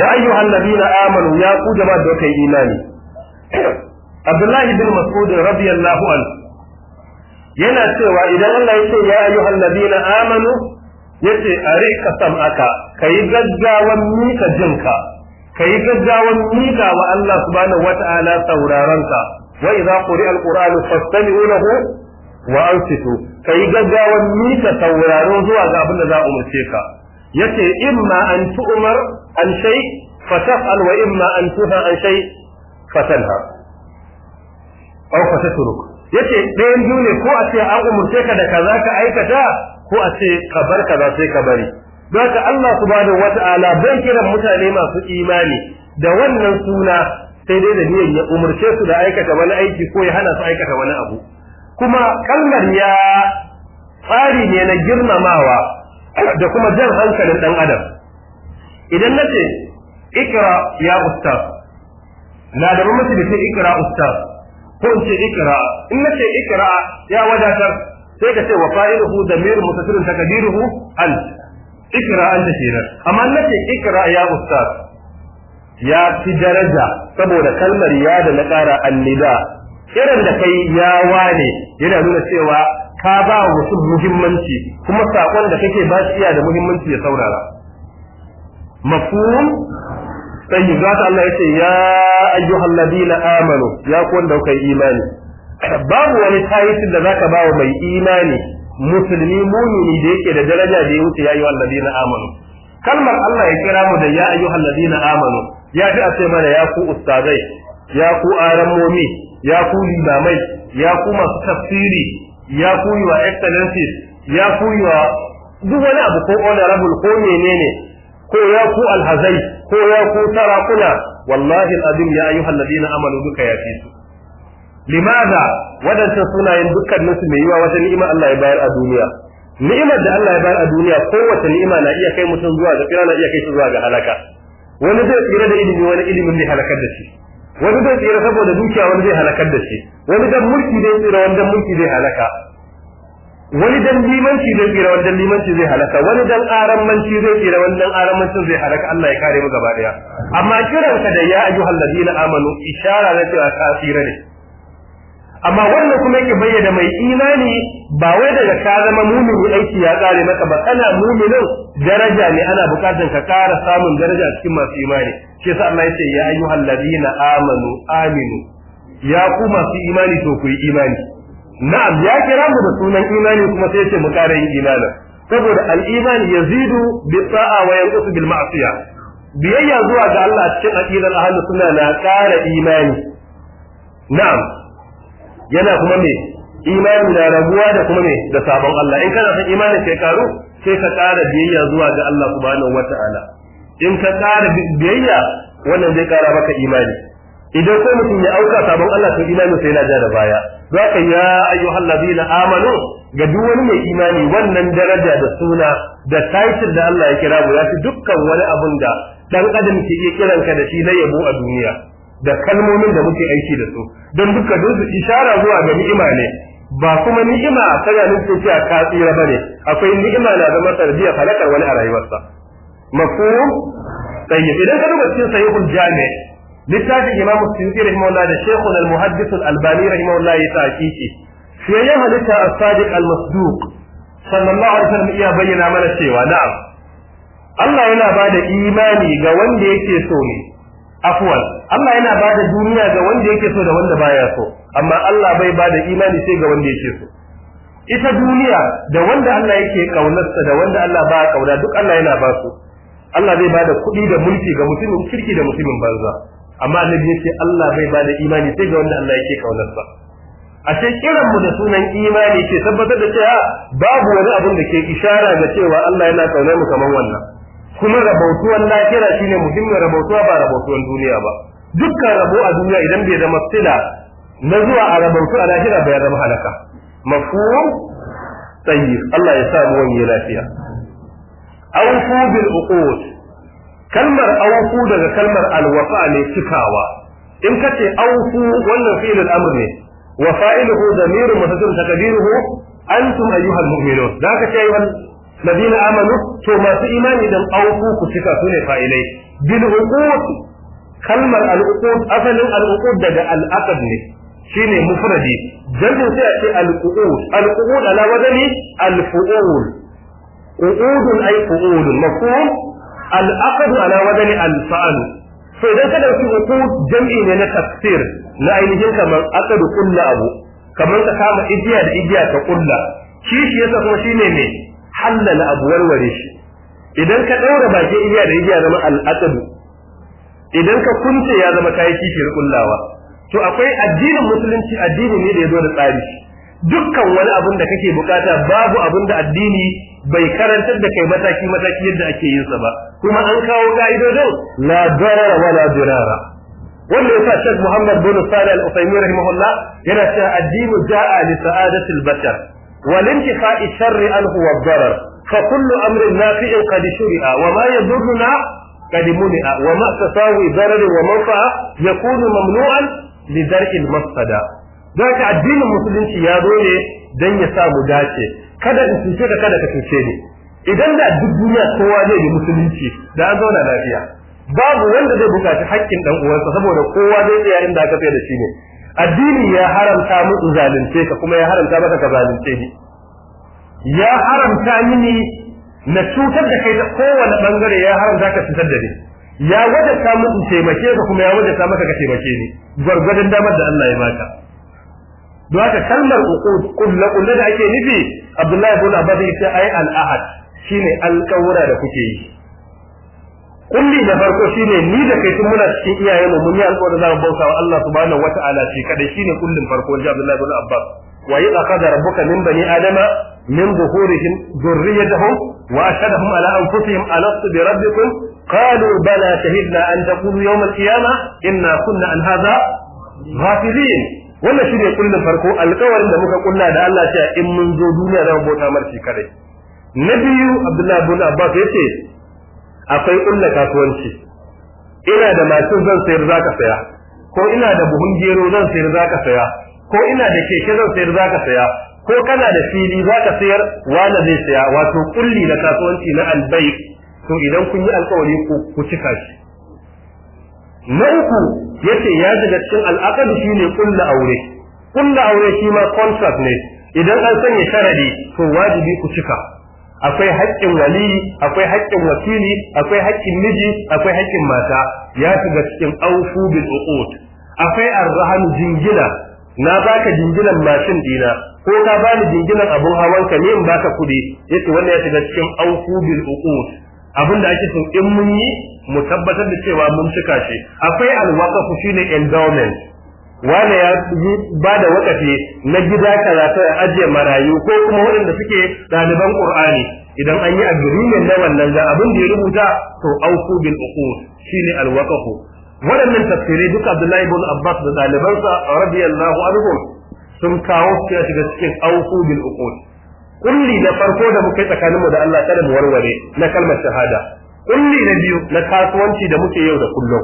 ya ayyuhan nabina amanu ya ku jama'a da kai imani Abdullah ibn Mas'ud radiyallahu anhu yana cewa idan Allah ya ce ya ayyuhan nabina amanu yace a rika sam'aka kai gaggawan mika jinka kai gaggawan mika wa Allah subhanahu wata'ala sauraronka wa idza quri'a alqur'anu fastami'u lahu wa ansitu kai gaggawan mika sauraro zuwa ga da za a umarce ka yace imma an tu'mar an shay fataf'al wa an an yace ɗayan biyu ne ko a ce an umarce ka da kaza ka aikata ko a ce ka bar kaza sai ka bari don haka Allah subhanahu wata'ala bai kiran mutane masu imani da wannan suna sai dai da niyyar ya umarce su da aikata wani aiki ko ya hana su aikata wani abu kuma kalmar ya tsari ne na girmamawa da kuma jan hankalin dan adam idan ce ikra ya usta, na da mutum da ikra usta, ko in ce ikra in nace ikra ya wadatar sai ka ce wa fa'iluhu damir mutasilun takdiruhu ant ikra an ta kenan amma na ce ikra ya ustaz ya fi daraja saboda kalmar ya da na ƙara annida irin da kai ya wane yana nuna cewa ka ba wa mutum muhimmanci kuma saƙon da kake ba shi da muhimmanci ya saurara mafhum sai za zata Allah ce ya ayyuhal ladina amanu ya ku wanda kai imani babu wani tayitin da zaka ba wa mai imani musulmi mumini da yake da daraja da ya wuce ya yi wallazina amanu kalmar Allah ya kira mu da ya ayyuhal ladina amanu ya fi a ce mana ya ku ustazai ya ku aramomi ya ku limamai ya ku masu tafsiri ya ku yi wa excellencies ya ku yi wa duk wani abu ko honorable ko menene ko ya ku alhazai ko ya ku sarakuna wallahi al'adim ya ayyuhal ladina amanu duka ya fi su limaza wadancan sunayen dukkanin su mai yiwa wata ni'ima Allah ya bayar a duniya ni'imar da Allah ya bayar a duniya kowace ni'ima na iya kai mutum zuwa ga kira na iya kai shi zuwa ga halaka wani zai tsira da ilimi wani ilimin zai halakar da shi wani zai tsira saboda dukiya wani zai halakar da shi wani dan mulki zai tsira wani dan mulki zai halaka wani dan limanci zai tsira wani dan limanci zai halaka wani dan aramanci zai tsira wani dan aramanci zai halaka Allah ya kare mu gaba daya amma kiranka da ya ayyuhal ladina amanu ishara na cewa tsira ne amma wannan kuma yake bayyana mai imani ba wai daga ka zama mumini aiki ya kare maka ba kana muminin daraja ne ana bukatar ka kara samun daraja cikin masu imani shi yasa Allah yace ya ayyuhal ladina amanu aminu ya ku masu imani to ku yi imani na'am ya kira mu da sunan imani kuma sai yace mu kara yin imani saboda al-imani yazidu bi ta'a wa yanqusu bil ma'siya biyayya zuwa ga Allah cikin aqidar ahlus sunna na kara imani na'am yana kuma me imani na rabuwa da kuma me da sabon Allah in kana son imani kai karu sai ka ƙara biyayya zuwa ga Allah subhanahu wata'ala in ka kara biyayya wannan zai kara maka imani idan ko mutum ya auka sabon Allah sai imani sai yana ja da baya zaka ya ayyuhal ladina amanu ga duk wani mai imani wannan daraja da suna da title da Allah ya kira mu ya fi dukkan wani abun da dan adam ke iya kiranka da shi na yabo a duniya da kalmomin da muke aiki da su don duka su ishara zuwa ga ni'ima ne ba kuma ni'ima a tana nufin cewa ka tsira bane akwai ni'ima na zama sarbiya falakar wani a rayuwarsa mafhum tayyib idan ka duba cikin sahihul jami littafin imam suyuti rahimahullah da shaykhul al-muhaddis al-albani rahimahullah ya ta'kiki fiyayyen halitta a sadiq al-masduq sallallahu alaihi wasallam iya bayyana mana cewa na'am Allah yana ba da imani ga wanda yake so ne afwan Allah yana ba da duniya ga wanda yake so da wanda baya so amma Allah bai ba da imani sai ga wanda yake so ita duniya da wanda Allah yake kaunarsa da wanda Allah ba kauna duk Allah yana ba su Allah zai ba da kuɗi da mulki ga mutumin kirki da mutumin banza amma annabi yake Allah bai ba da imani sai ga wanda Allah yake kaunarsa ashe kiran mu da sunan imani ke tabbatar da cewa babu wani abin da ke ishara ga cewa Allah yana kaunar mu kamar wannan kuma rabautuwan lahira shine muhimmin rabautuwa ba rabautuwan duniya ba dukkan rabo a duniya idan bai zama sila na zuwa a rabautu a lahira bai zama halaka mafhum tayyib Allah ya sa mu wani lafiya awfu bil uqud kalmar awfu daga kalmar alwafa ne cikawa in ce awfu wannan fi'il amr ne wa fa'iluhu damirun mutasil taqdiruhu antum ayyuhal mu'minun da ka ce ayyuhal ladina amanu to masu imani dan awfu ku cika su ne fa'ilai bil uqud kalmar al'uqud asalin al'uqud daga al'aqd ne shine mufradi jamin sai a ce al'uqud al'uqud ala wadani al-fu'ul qu'udun ay fu'ulun mafhum al'aqd ala wadani al-fa'l to idan ka dauki uqud jam'i ne na tafsir na ainihin kamar aqd kullu abu kamar ka kama igiya da igiya ka kulla shi shi yasa kuma shine ne halala abu warware shi idan ka daura baki igiya da igiya zama al'aqd idan ka kunce ya zama kayi kishiyar kullawa to akwai addinin musulunci addini ne da ya zo da tsari dukkan wani abun da kake bukata babu abin da addini bai karantar da kai mataki mataki yadda ake yin sa ba kuma an kawo ka'idodin la darara wala dirara wanda yasa Sheikh Muhammad bin Salih Al-Uthaymeen rahimahullah yana cewa addinu ja'a li sa'adatil bashar wal intifa'i sharri anhu huwa darar fa kullu amrin nafi'in qad shuri'a wa ma yadurruna قد منع وما تساوي ضرر ومنفعة يكون ممنوعا لدرء المفسدة ذاك الدين المسلم يا دولي dan ya mu dace kada in cuce ka kada ka cuce ni idan da duk duniya kowa zai yi musulunci da an zauna lafiya babu wanda zai bukaci haƙƙin dan uwansa saboda kowa zai tsaya inda aka tsaya da shi ne addini ya haramta mu zalunce ka kuma ya haramta maka ka zalunce ni ya haramta mini na cutar da kai ta kowane bangare ya haramta ka cutar da ni ya ta muku taimake ka kuma ya wajata maka ka taimake ni Gargadin damar da Allah ya baka don haka kalmar kulla kulla da ake nufi Abdullahi ibn Abbas ya ce ai al-ahad shine alƙawura da kuke yi kulli da farko shine ni da kai tun muna cikin iyayenmu mun yi alƙawarin za mu bauta wa Allah subhanahu wata'ala shi kadai shine kullin farko ji Abdullahi ibn Abbas wa yi aqada rabbuka min bani adama min zuhurihim dhurriyyatahum wa ashhadahum ala anfusihim alastu bi rabbikum qalu bala shahidna an taqulu yawm al-qiyamah inna kunna an hadha ghafilin wannan shine kullun farko alƙawarin da muka kulla da Allah cewa in mun zo duniya za mu bauta mar kare na biyu Abdullahi ibn Abbas yace akwai kulla kasuwanci ina da mashin zan sayar zaka saya ko ina da buhun gero zan sayar zaka saya ko ina da keke zan sayar zaka saya ko kana da fili zaka sayar wani zai saya wato kulli na kasuwanci na albai to idan kun yi alkawari ku ku cika shi na uku yace ya daga cikin al'aqad shine kullu aure kullu aure shi ma contract ne idan an sanya sharadi to wajibi ku cika akwai haƙƙin wali akwai haƙƙin wakili akwai haƙƙin miji akwai haƙƙin mata ya shiga cikin aufu bil uqud akwai arhanu jingina na baka jinginan mashin dina ko ka bani jinginan abun hawan ka ne in baka kuɗi yace wannan ya shiga cikin auku bil uqud abin da ake so in mun yi mu tabbatar da cewa mun cika shi akwai alwaqafu shine endowment wanda ya ba da wakafi na gida karatu a ajiye marayu ko kuma waɗanda suke ɗaliban ƙur'ani idan an yi agreement na wannan ga abin da ya rubuta to auku bil uqud shine alwaqafu waɗannan tafsirai duka Abdullahi ibn Abbas da ɗalibansa radiyallahu Anhu sun kawo su ya shiga cikin auku bil uqud kulli na farko da muke tsakaninmu da Allah kada mu warware na kalmar shahada kulli na biyu na kasuwanci da muke yau da kullum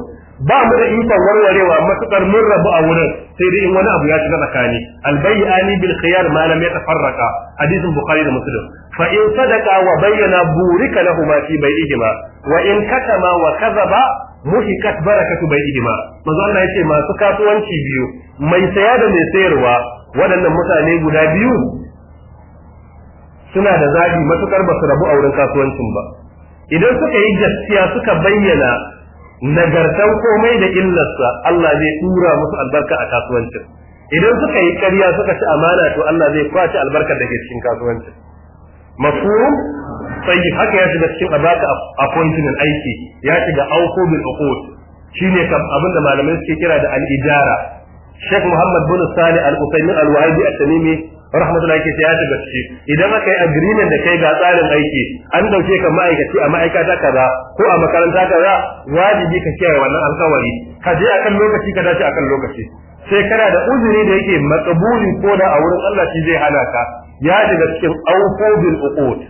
ba mu da ikon warwarewa matukar mun rabu a wurin sai dai in wani abu ya shiga tsakani albayyani bil khiyar ma lam yatafarraqa hadisin bukhari da muslim fa in sadaqa wa bayyana burika lahuma fi bai'ihima wa in katama wa kadhaba muhikat barakatu bai idima manzo Allah yace masu kasuwanci biyu mai saya da mai sayarwa waɗannan mutane guda biyu suna da zabi matukar ba su rabu a wurin kasuwancin ba idan suka yi gaskiya suka bayyana nagartan komai da illarsa Allah zai tura musu albarka a kasuwancin idan suka yi ƙarya suka ci amana to Allah zai kwace albarkar da ke cikin kasuwancin mafhum tayyib haka ya shiga cikin a appointment aiki ya shiga auku bil uqud shine kam da malamai suke kira da al ijara Sheikh Muhammad bin Salih Al Utsaimin Al Wahibi Al Tamimi rahmatullahi ya shiga ciki idan aka yi agreement da kai ga tsarin aiki an dauke ka ma'aikaci a ma'aikata kaza ko a makaranta kaza wajibi ka kiyaye wannan alkawari ka je akan lokaci ka dace akan lokaci sai kana da uzuri da yake makabuli ko da a wurin Allah shi zai hana ka ya shiga cikin auqobil uqud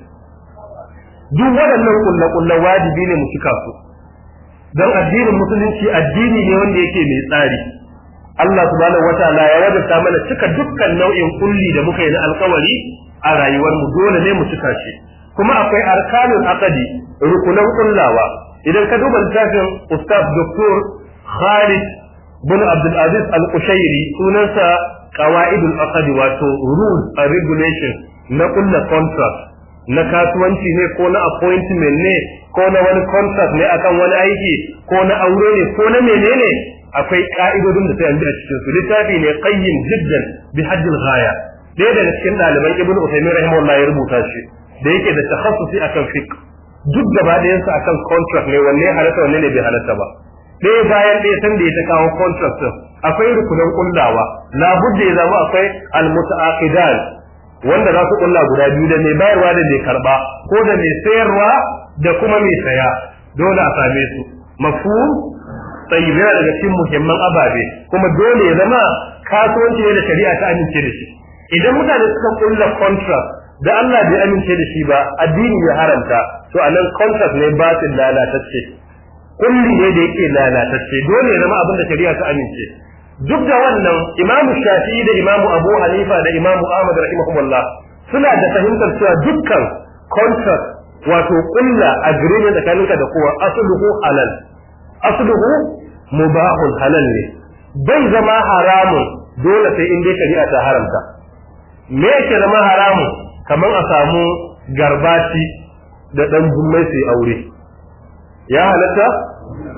duk waɗannan kulle-kulle wajibi ne mu cika su don addinin musulunci addini ne wanda yake mai tsari Allah subhanahu wataala ya wajabta mana cika dukkan nau'in kulli da muka yi na alkawari a rayuwar mu dole ne mu cika shi kuma akwai arkanun aqdi rukunan kullawa idan ka duba littafin ustaz doktor Khalid bin Abdul Aziz Al-Qushairi sunansa qawaidul aqdi wato rules and regulations na kullu contract na kasuwanci ne ko na appointment ne ko na wani contract ne akan wani aiki ko na aure ne ko na menene akwai ka'idodin da sai an bi a cikin su littafi ne qayyim jiddan bi haddil ghaya daga cikin daliban ibnu usaymin rahimahullahi ya rubuta shi da yake da takhassusi akan fiqh duk gaba ɗayan su akan contract ne wanne halatta wanne ne bai halatta ba ɗaya bayan ɗaya san da ya ta kawo contract akwai rukunan kullawa labudda ya zama akwai al-mutaaqidan wanda za su kulla guda biyu da mai bayarwa da mai karba ko da mai sayarwa da kuma mai saya dole a same su mafu tsayi yana daga cikin muhimman ababe kuma dole ya zama kasuwanci ne da shari'a ta amince da shi idan mutane suka kulla contract da Allah bai amince da shi ba addini ya haramta to anan contract ne ba su lalatacce kulli ne da yake lalatacce dole ya zama abin da shari'a ta amince duk da wannan imamu Shafi da imamu abu hanifa da imamu ahmad rahimahumullah suna da fahimtar cewa dukkan contract wato kulla agreement tsakaninka da kowa asluhu halal asluhu mubahun halal ne bai zama haramun dole sai in dai shari'a ta haramta me yake zama haramun kamar a samu garbaci da dan jummai sai aure ya halatta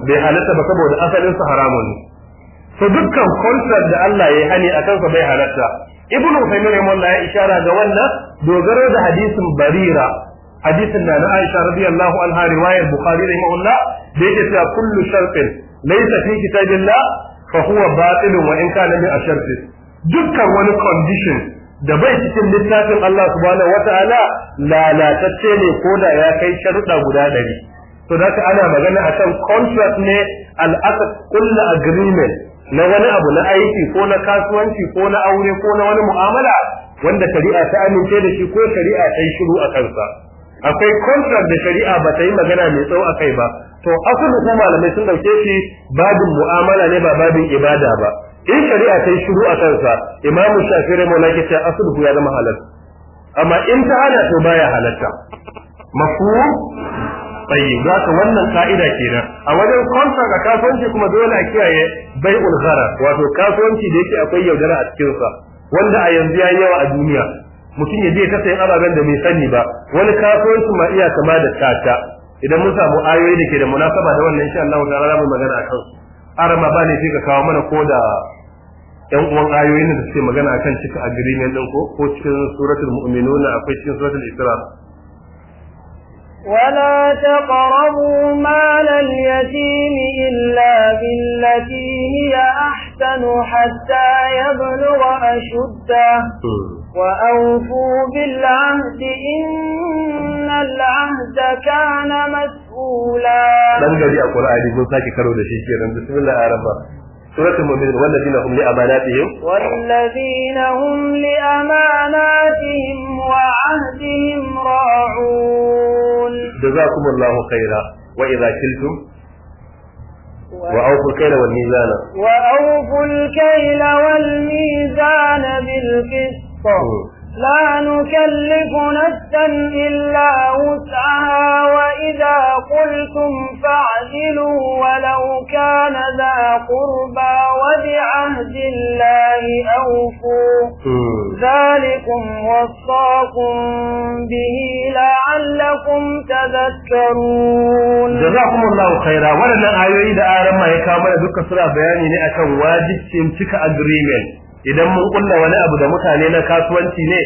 bai halatta ba saboda asalin su haramun ne to dukkan konsar da Allah ya hani a kansa bai halatta ibn Uthaymeen rahimahullah ya ishara ga wannan dogaro da hadisin Barira hadisin da na Aisha radiyallahu anha riwayar Bukhari rahimahullah da yake cewa kullu shartin laysa fi kitabillah fa huwa batil wa in kana min asharf dukkan wani condition da bai cikin littafin Allah subhanahu wata'ala lalatacce ne ko da ya kai sharuɗa guda ɗari to da ana magana akan contract ne al-aqd kullu agreement na wani abu na aiki ko na kasuwanci ko na aure ko na wani mu'amala wanda shari'a ta amince da shi ko shari'a ta yi shiru a kansa akwai contract da shari'a ba ta yi magana mai tsawo a kai ba to asali ko malamai sun dauke shi babin mu'amala ne ba babin ibada ba in shari'a ta yi shiru a kansa imamu shafi rai maula ke cewa asali ya zama halal amma in ta hana to baya halatta mafu za zaka wannan ka'ida kenan a wajen kwanta a kasuwanci kuma dole a kiyaye bai ulhara. wato kasuwanci da yake akwai yaudara a cikin sa wanda a yanzu ya yawa a duniya mutum ya je ta sayan ababen da bai sani ba wani kasuwanci ma iya kama da tata idan mun samu ayoyi da ke da munasaba da wannan insha Allah ta'ala mu magana akan su arama ba ne sai ka kawo mana ko da yan uwan ayoyin da suke magana akan cika agreement din ko ko cikin suratul mu'minuna akwai cikin suratul isra ولا تقربوا مال اليتيم إلا بالتي هي أحسن حتى يبلغ أشده وأوفوا بالعهد إن العهد كان مسؤولا. لن نجي أقول آدي من ساكي كرودة لشيكي بسم الله الرحيم. سورة المؤمنين والذين هم لأماناتهم والذين هم لأماناتهم وعهدهم راعون جزاكم الله خيرا وإذا كلتم وأوفوا الكيل والميزان وأوفوا الكيل والميزان بالقسط لا نكلف نفسا إلا وسعها وإذا قلتم فاعدلوا ولو كان ذا قربى وبعهد الله أوفوا ذلكم وصاكم به لعلكم تذكرون جزاكم الله خيرا ولنا آيوين آرما يكامل ذكر بياني لأكا واجب سيمتك أجريمين idan mun kulla wani abu da mutane na kasuwanci ne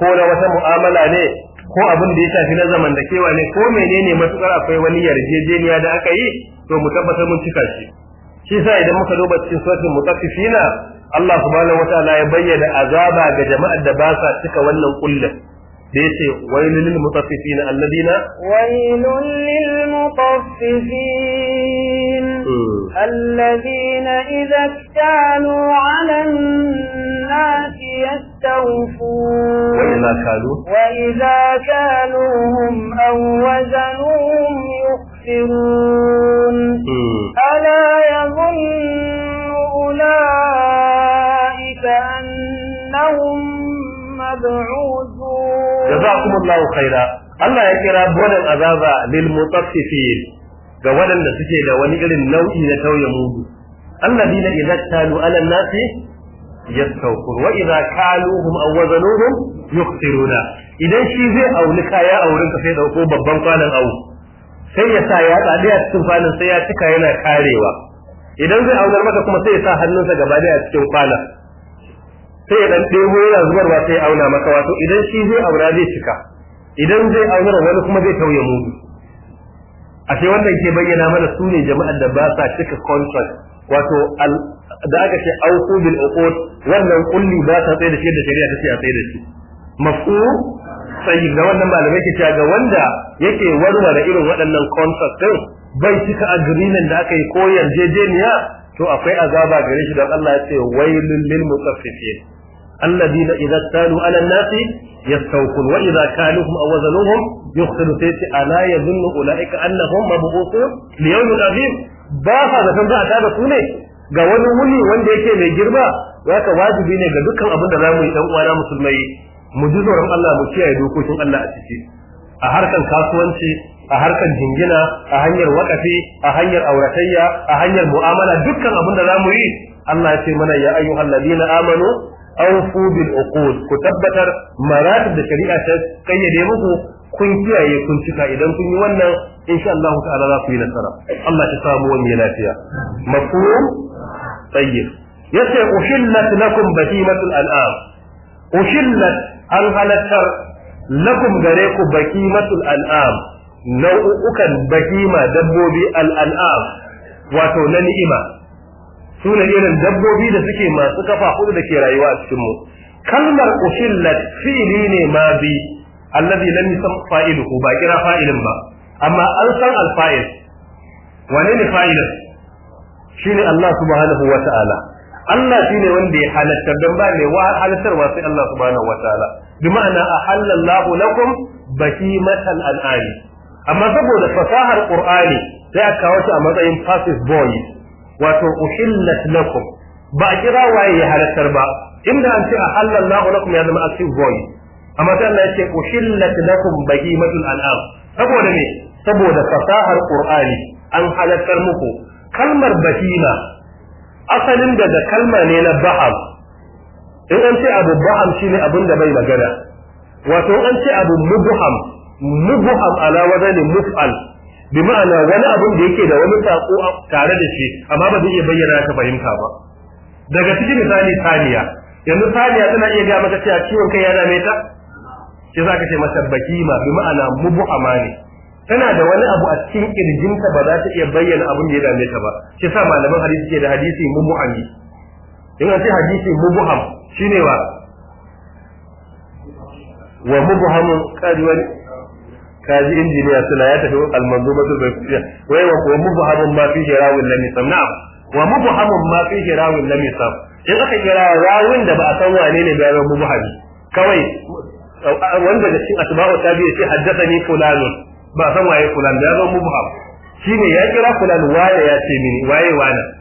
ko na wata mu'amala ne ko abin da ya shafi na zaman kewa ne ko menene matukar akwai wani yarjejeniya da aka yi to mu tabbatar mun cika shi shi sa idan muka duba cikin suratul mutaffifina Allah subhanahu wataala ya bayyana azaba ga jama'ar da ba sa cika wannan kullum da yace wailul lil mutaffifina alladina wailul lil mutaffifin hmm. alladina idza كانوا على الناس يستوفون وإذا كانوا وإذا هم أو وزنوهم يخسرون ألا يظن أولئك أنهم مبعوثون جزاكم الله خيرا Allah ya kira bodan azaba lil mutaffifin ga waɗanda suke da wani irin nau'i na tauye alladina idza talu ala nasi yastawkur wa idza kaluhum aw wazanuhum yuqtiruna idan shi zai auni kaya a wurin ka sai babban kwanan au, sai ya sa ya tsade a cikin kwanan sai ya cika yana karewa idan zai aunar maka kuma sai ya sa hannunsa gaba daya a cikin kwanan sai ya dan ɗebo yana zubarwa sai ya auna maka wato idan shi zai aura zai cika idan zai auna wani kuma zai tauye mudu ashe wannan ke bayyana mana su ne jama'ar da ba sa cika contract wato da aka ce auku bil uqud wannan kulli ba ta tsaye da shi da shari'a ta a tsaye da shi mafu sai ga wannan malamai ke ga wanda yake warware irin waɗannan contract din bai cika agreement da aka yi ko yarjejeniya to akwai azaba gare shi don Allah ya ce wailul lil mutaffifin alladina idza talu ala nasi yastawfun wa idza kaluhum aw wazanuhum yukhsiru sayti ala yadhunnu ulaika annahum mab'uthun li yawmin ba sa zaton za a tada su ne ga wani wuni wanda yake mai girma ya ka wajibi ne ga dukkan abin da za mu yi ɗan musulmai mu ji tsoron Allah mu kiyaye dokokin Allah a ciki a harkan kasuwanci a harkan jingina a hanyar wakafi a hanyar auratayya a hanyar mu'amala dukkan abin da za mu yi Allah ya ce mana ya ayyuhal ladina amanu awfu bil uqud ku tabbatar maratib da shari'a ta kayyade muku kun kiyaye kun cika idan kun yi wannan insha Allah ta'ala za ku yi nasara Allah ta samu wani lafiya mafhum tayyib yace uhillat lakum bahimatul an'am uhillat an halattar lakum gare ku bahimatul al'am, nau'ukan bahima dabbobi al'am wato na ni'ima su ne irin dabbobi da suke masu kafa hudu da ke rayuwa a cikin mu kalmar uhillat fili ne ma bi alladhi lam yusam fa'iluhu ba kira fa'ilin ba amma an san alfa'il wane ne fa'ilin shine Allah subhanahu wa ta'ala Allah shine wanda ya halatta don ba ne wa halattarwa sai Allah subhanahu wa ta'ala bi ma'ana ahalla Allahu lakum bahimatal al'adu. amma saboda fasahar Qur'ani sai a kawo a matsayin passive voice wato uhillat lakum ba a kira waye ya halartar ba inda an ce ahalla Allahu lakum ya zama active voice amma sai Allah ya ce lakum bahimatul an'am saboda me saboda fasahar qur'ani an halartar muku kalmar bahima asalin daga kalma ne na baham in an ce abu baham shine abin da bai magana wato an ce abu mubham mubham ala wazani muf'al bi ma'ana wani abin da yake da wani sako tare da shi amma ba zai iya bayyana ka fahimta ba daga cikin misali saniya yanzu saniya tana iya ga maka cewa ciwon kai ya dame ta shi za ka ce mata bakima bi ma'ana mubu'ama ne tana da wani abu a cikin kirjinta ba za ta iya bayyana abin da ya dame ta ba shi sa malaman hadisi ke da hadisi mubu'ami in ina ce hadisi mubu'am shine wa wa mubuhamun kadiwani kaji injiniya suna ya tafi su bai wai wa ko mubuhamun ma fi hirawin lam yusam wa mubuhamun ma fi hirawin lam in aka kira rawin da ba a san wane ne bayan mubu mubuhami kawai wanda da shi ta tabi'i sai haddasani fulanun ba san waye fulan da ya zo Shi ne ya kira fulan waye ya ce mini waye wani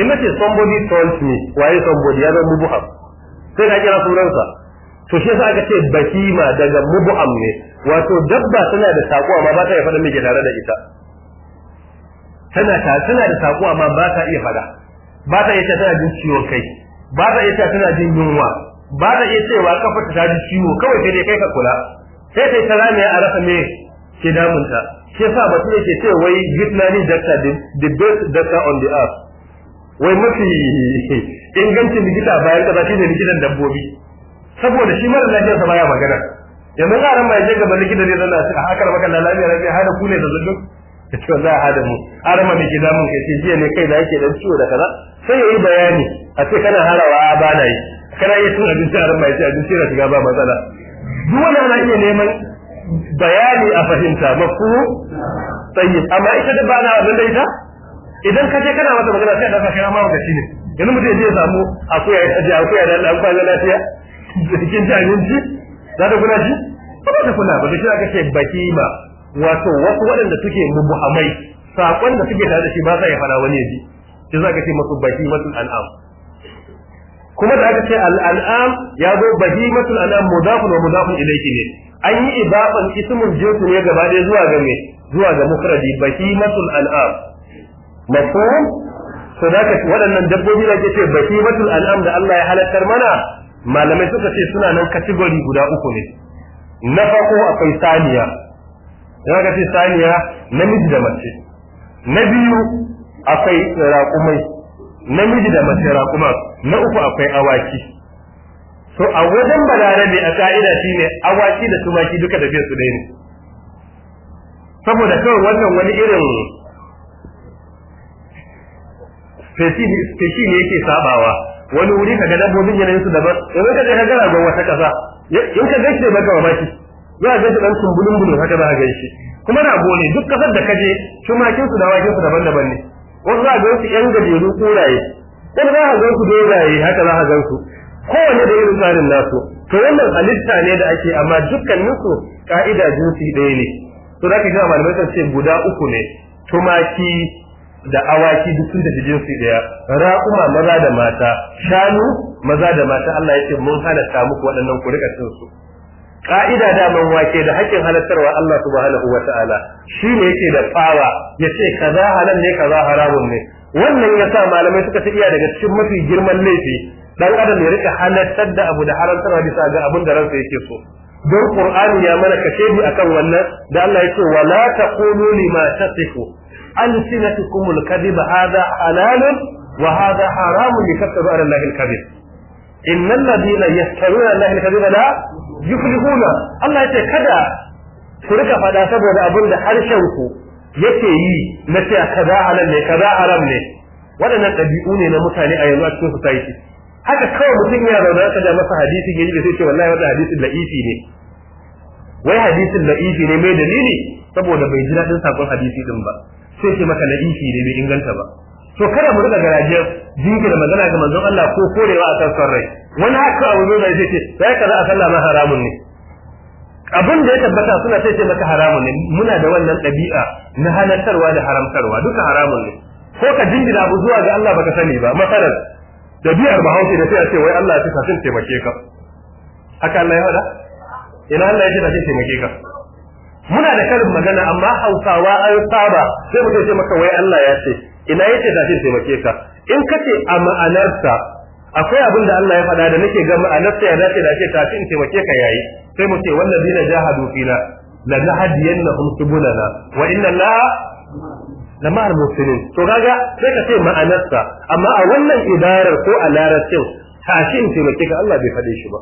in ce somebody told me waye somebody ya zo mubham sai ka kira sunansa to shi yasa aka ce bakima daga mubham ne wato dabba tana da sako amma ba ta iya faɗa miki tare da ita tana ta tana da sako amma ba ta iya faɗa ba ta iya tana jin ciwon kai ba ta iya tana jin yunwa ba da iya cewa kafa ta ji ciwo kawai sai dai kai ka kula sai kai ta rame a rasa me ke damunta shi yasa ba yake ke ce wai veterinary doctor the best dakta on the earth wai mafi ingancin likita bayan kaza shi ne likitan dabbobi saboda shi mara lafiyar sa baya magana yanzu a ran mai je gaban likita ne zanna a hakar maka da lafiya rabi hada ku ne da zuddu ta ce a hada mu a ran mai ke damun kai ce jiya ne kai da yake da ciwo da kaza sai yayi bayani a ce kana harawa a bana yi kana iya cin abinci a ramma ya ce abinci yana shiga ba matsala duk wani ana iya neman bayani a fahimta mafu tsayi amma ita da ba na abin da ita idan ka je kana mata magana sai ka kai ma wanda ne. yanzu mutum ya je samu akuya ya je akuya da an kwana lafiya cikin abinci za ta kula shi ba ta kula ba da shi aka ce ba wato wasu waɗanda suke muhamai saƙon da suke tare da shi ba sa ya fara wani ya ji shi za ka ce masu baki masu al'amu. kuma da aka ce al'am ya zo bahimatul al'am mudafun wa mudafun ilayhi ne an yi ibaban ismul jinsi ne gaba ɗaya zuwa ga me zuwa ga mufradi bahimatul al'am mafhum to da ka waɗannan dabbobi da ce bahimatul al'am da Allah ya halakar mana malamai suka ce suna nan kategori guda uku ne na farko akwai saniya da ka ce saniya namiji da mace na biyu akwai raƙumai namiji da mace raƙuma na uku akwai awaki So a wajen balarabe a ka'ida shine awaki da tumaki duka da su ɗaya ne saboda kawai wannan wani irin feshi ne yake sabawa wani wuri kaga dabbobin yanayin su daban yanzu ka ka gara ga wata kasa in ka gaishe baka mamaki za ka gaishe dan kumbulun bulu haka za a gaishe kuma na gole duk kasar da kaje tumakin su da wakin su daban-daban ne wasu za a ga wasu yan gajeru kuraye in za a gansu dogaye haka za a gansu kowane da irin tsarin nasu to wannan halitta ne da ake amma dukkaninsu ka'ida jinsi ɗaya ne to za ka ga malamai kan ce guda uku ne tumaki da awaki duk sun tafi jinsi ɗaya ra'uma maza da mata shanu maza da mata Allah yake mun halatta muku waɗannan ku rika cin su ka'ida da man wake da hakkin halattarwa Allah subhanahu wa ta'ala shi ne yake da fawa yace kaza halal ne kaza haramun ne wannan ya sa malamai suka ce iya daga cikin mafi girman laifi dan adam ya rika halartar da abu da haramtarwa bisa ga abin da ransa yake so don qur'ani ya mana bi akan wannan da Allah ya ce wala taqulu lima tasifu alsinatukum alkadhiba hadha halalun wa hadha haramun likaftaru ala allahi alkadhib innal ladina yaftaruna allahi alkadhiba la yuflihuna Allah ya ce kada ku rika fada saboda abin da harshen ku yake yi na ce kaza nan ne kaza haram ne waɗannan ɗabi'u ne na mutane a yanzu a cikin society haka kawai mutum ya zauna aka da masa hadisi ya yi da sai ce wallahi wannan hadisin la'ifi ne wai hadisin la'ifi ne mai dalili saboda bai ji daɗin sakon hadisi din ba sai ce maka la'ifi ne bai inganta ba to kada mu riga garajiyar da magana ga manzon Allah ko korewa a kan rai wani haka abu zo da zai ce sai kaza a sallah ma haramun ne abin da ya tabbata suna sai ce maka haramun ne muna da wannan ɗabi'a na halartarwa da haramtarwa duka haramun ne ko ka jingina abu zuwa ga Allah baka sani ba masalan ɗabi'ar bahaushe da sai a ce wai Allah ya fi kafin taimake ka haka Allah ya faɗa ina Allah ya ce kafin taimake ka muna da karin magana amma hausawa an saba sai mutum ce maka wai Allah ya ce ina yace kafin taimake ka in kace a ma'anarsa akwai abin da Allah ya faɗa da nake ga ma'anarsa ya dace da ce kafin taimake ka yayi sai mu ce wallazina jahadu fina la nahdiyannahum subulana wa inna la lama al musulun. to kaga sai ka ce ma'anarsa amma a wannan ibarar ko a larabcin tashin ce bace Allah bai faɗe shi ba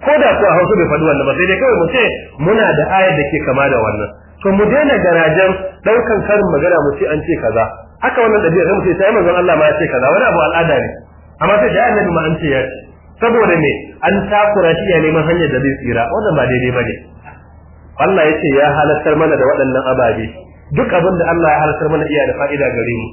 ko da ko a Hausa bai faɗi wannan ba sai dai kawai mu ce muna da ayar da ke kama da wannan to mu daina garajen ɗaukan karin magana mu ce an ce kaza haka wannan dabi'a sai mu ce sai manzon Allah ma ya ce kaza wani abu al'ada ne amma sai da annabi ma an ce ya ce saboda me an takura shi ya neman hanyar da zai tsira wanda ba daidai ba ne Allah ya ce ya halartar mana da waɗannan ababe duk abin da Allah ya halartar mana iya da fa'ida gare mu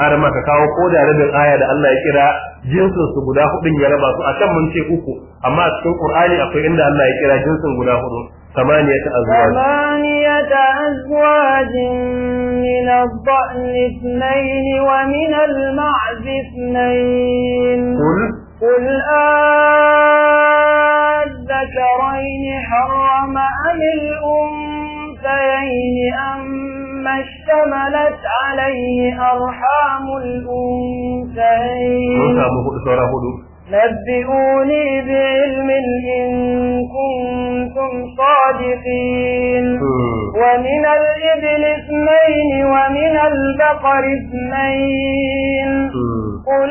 har ma ka kawo ko da rabin aya da Allah ya kira jinsin su guda hudu ya raba su akan mun ce uku amma a cikin Qur'ani akwai inda Allah ya kira jinsin guda hudu samaniyata أزواج ثمانية أزواج من الضأن اثنين ومن المعز اثنين قل قل أذكرين حرم أم الأنثيين أم اشتملت عليه أرحام الأنثيين نبئوني بعلم إن كنتم صادقين ومن الإبل اثنين ومن البقر اثنين قل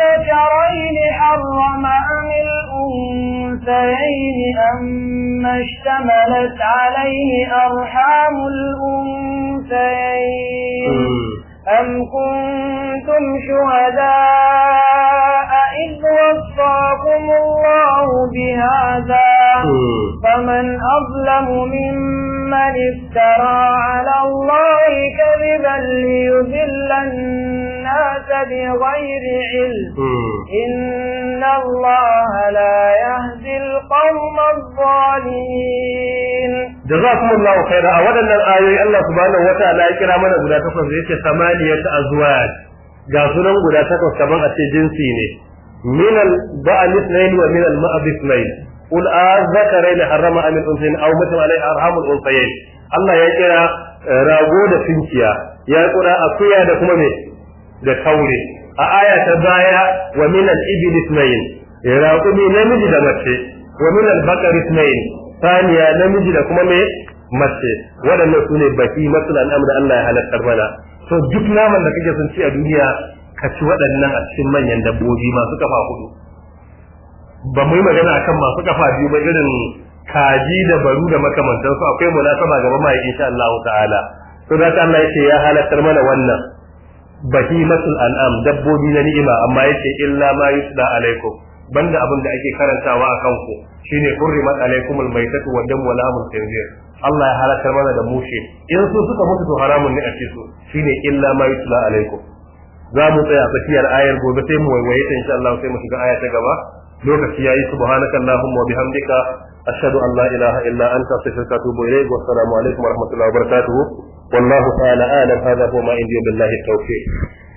أذكرين حرم أم الأنثيين أم اشتملت عليه أرحام الأنثيين أم كنتم شهداء إذ وصاكم الله بهذا فمن أظلم ممن افترى على الله كذبا ليذل الناس بغير علم إن الله لا يهدي القوم الظالمين Da za jazakumullahu khaira a waɗannan ayoyi Allah subhanahu wataala ya kira mana guda takwas da yake samaniyat azwaj ga sunan guda takwas kaman a ne min al ba'al ithnain wa min al ma'ab ithnain qul azakarain harrama am al unthayn aw mithlu alai arham al Allah ya kira eh, rago da tinkiya ya kira akuya da kuma me da taure a aya ta baya wa min al ibil ithnain eh, raqumi namiji da mace wa min al baqar ithnain saniya namiji da kuma mai mace waɗannan su ne baki masu al'amur da Allah ya halattar mana to duk naman da kake sun ci a duniya ka ci waɗannan a cikin manyan dabbobi masu kafa hudu ba mu yi magana akan masu kafa biyu ba irin kaji da baru da makamantansu akwai munasaba gaba mai insha Allah ta'ala to da Allah yake ya halattar mana wannan matsalan an'am dabbobi na ni'ima amma yake illa ma yusla alaikum banda abin da ake karantawa a kanku shine hurrimat alaikumul maitatu wa damu wa amul khinzir Allah ya halakar mana da mushe in su suka mutu to haramun ne a ce su shine illa ma yutla alaikum za mu tsaya tsakiyar ayar gobe sai mu waiwaye ta insha Allah sai mu shiga aya ta gaba lokaci yayi subhanaka allahumma wa bihamdika ashhadu an la ilaha illa anta astaghfiruka wa atubu ilayk wa assalamu alaikum wa rahmatullahi wa barakatuh والله تعالى اعلم هذا هو ما عندي بالله التوفيق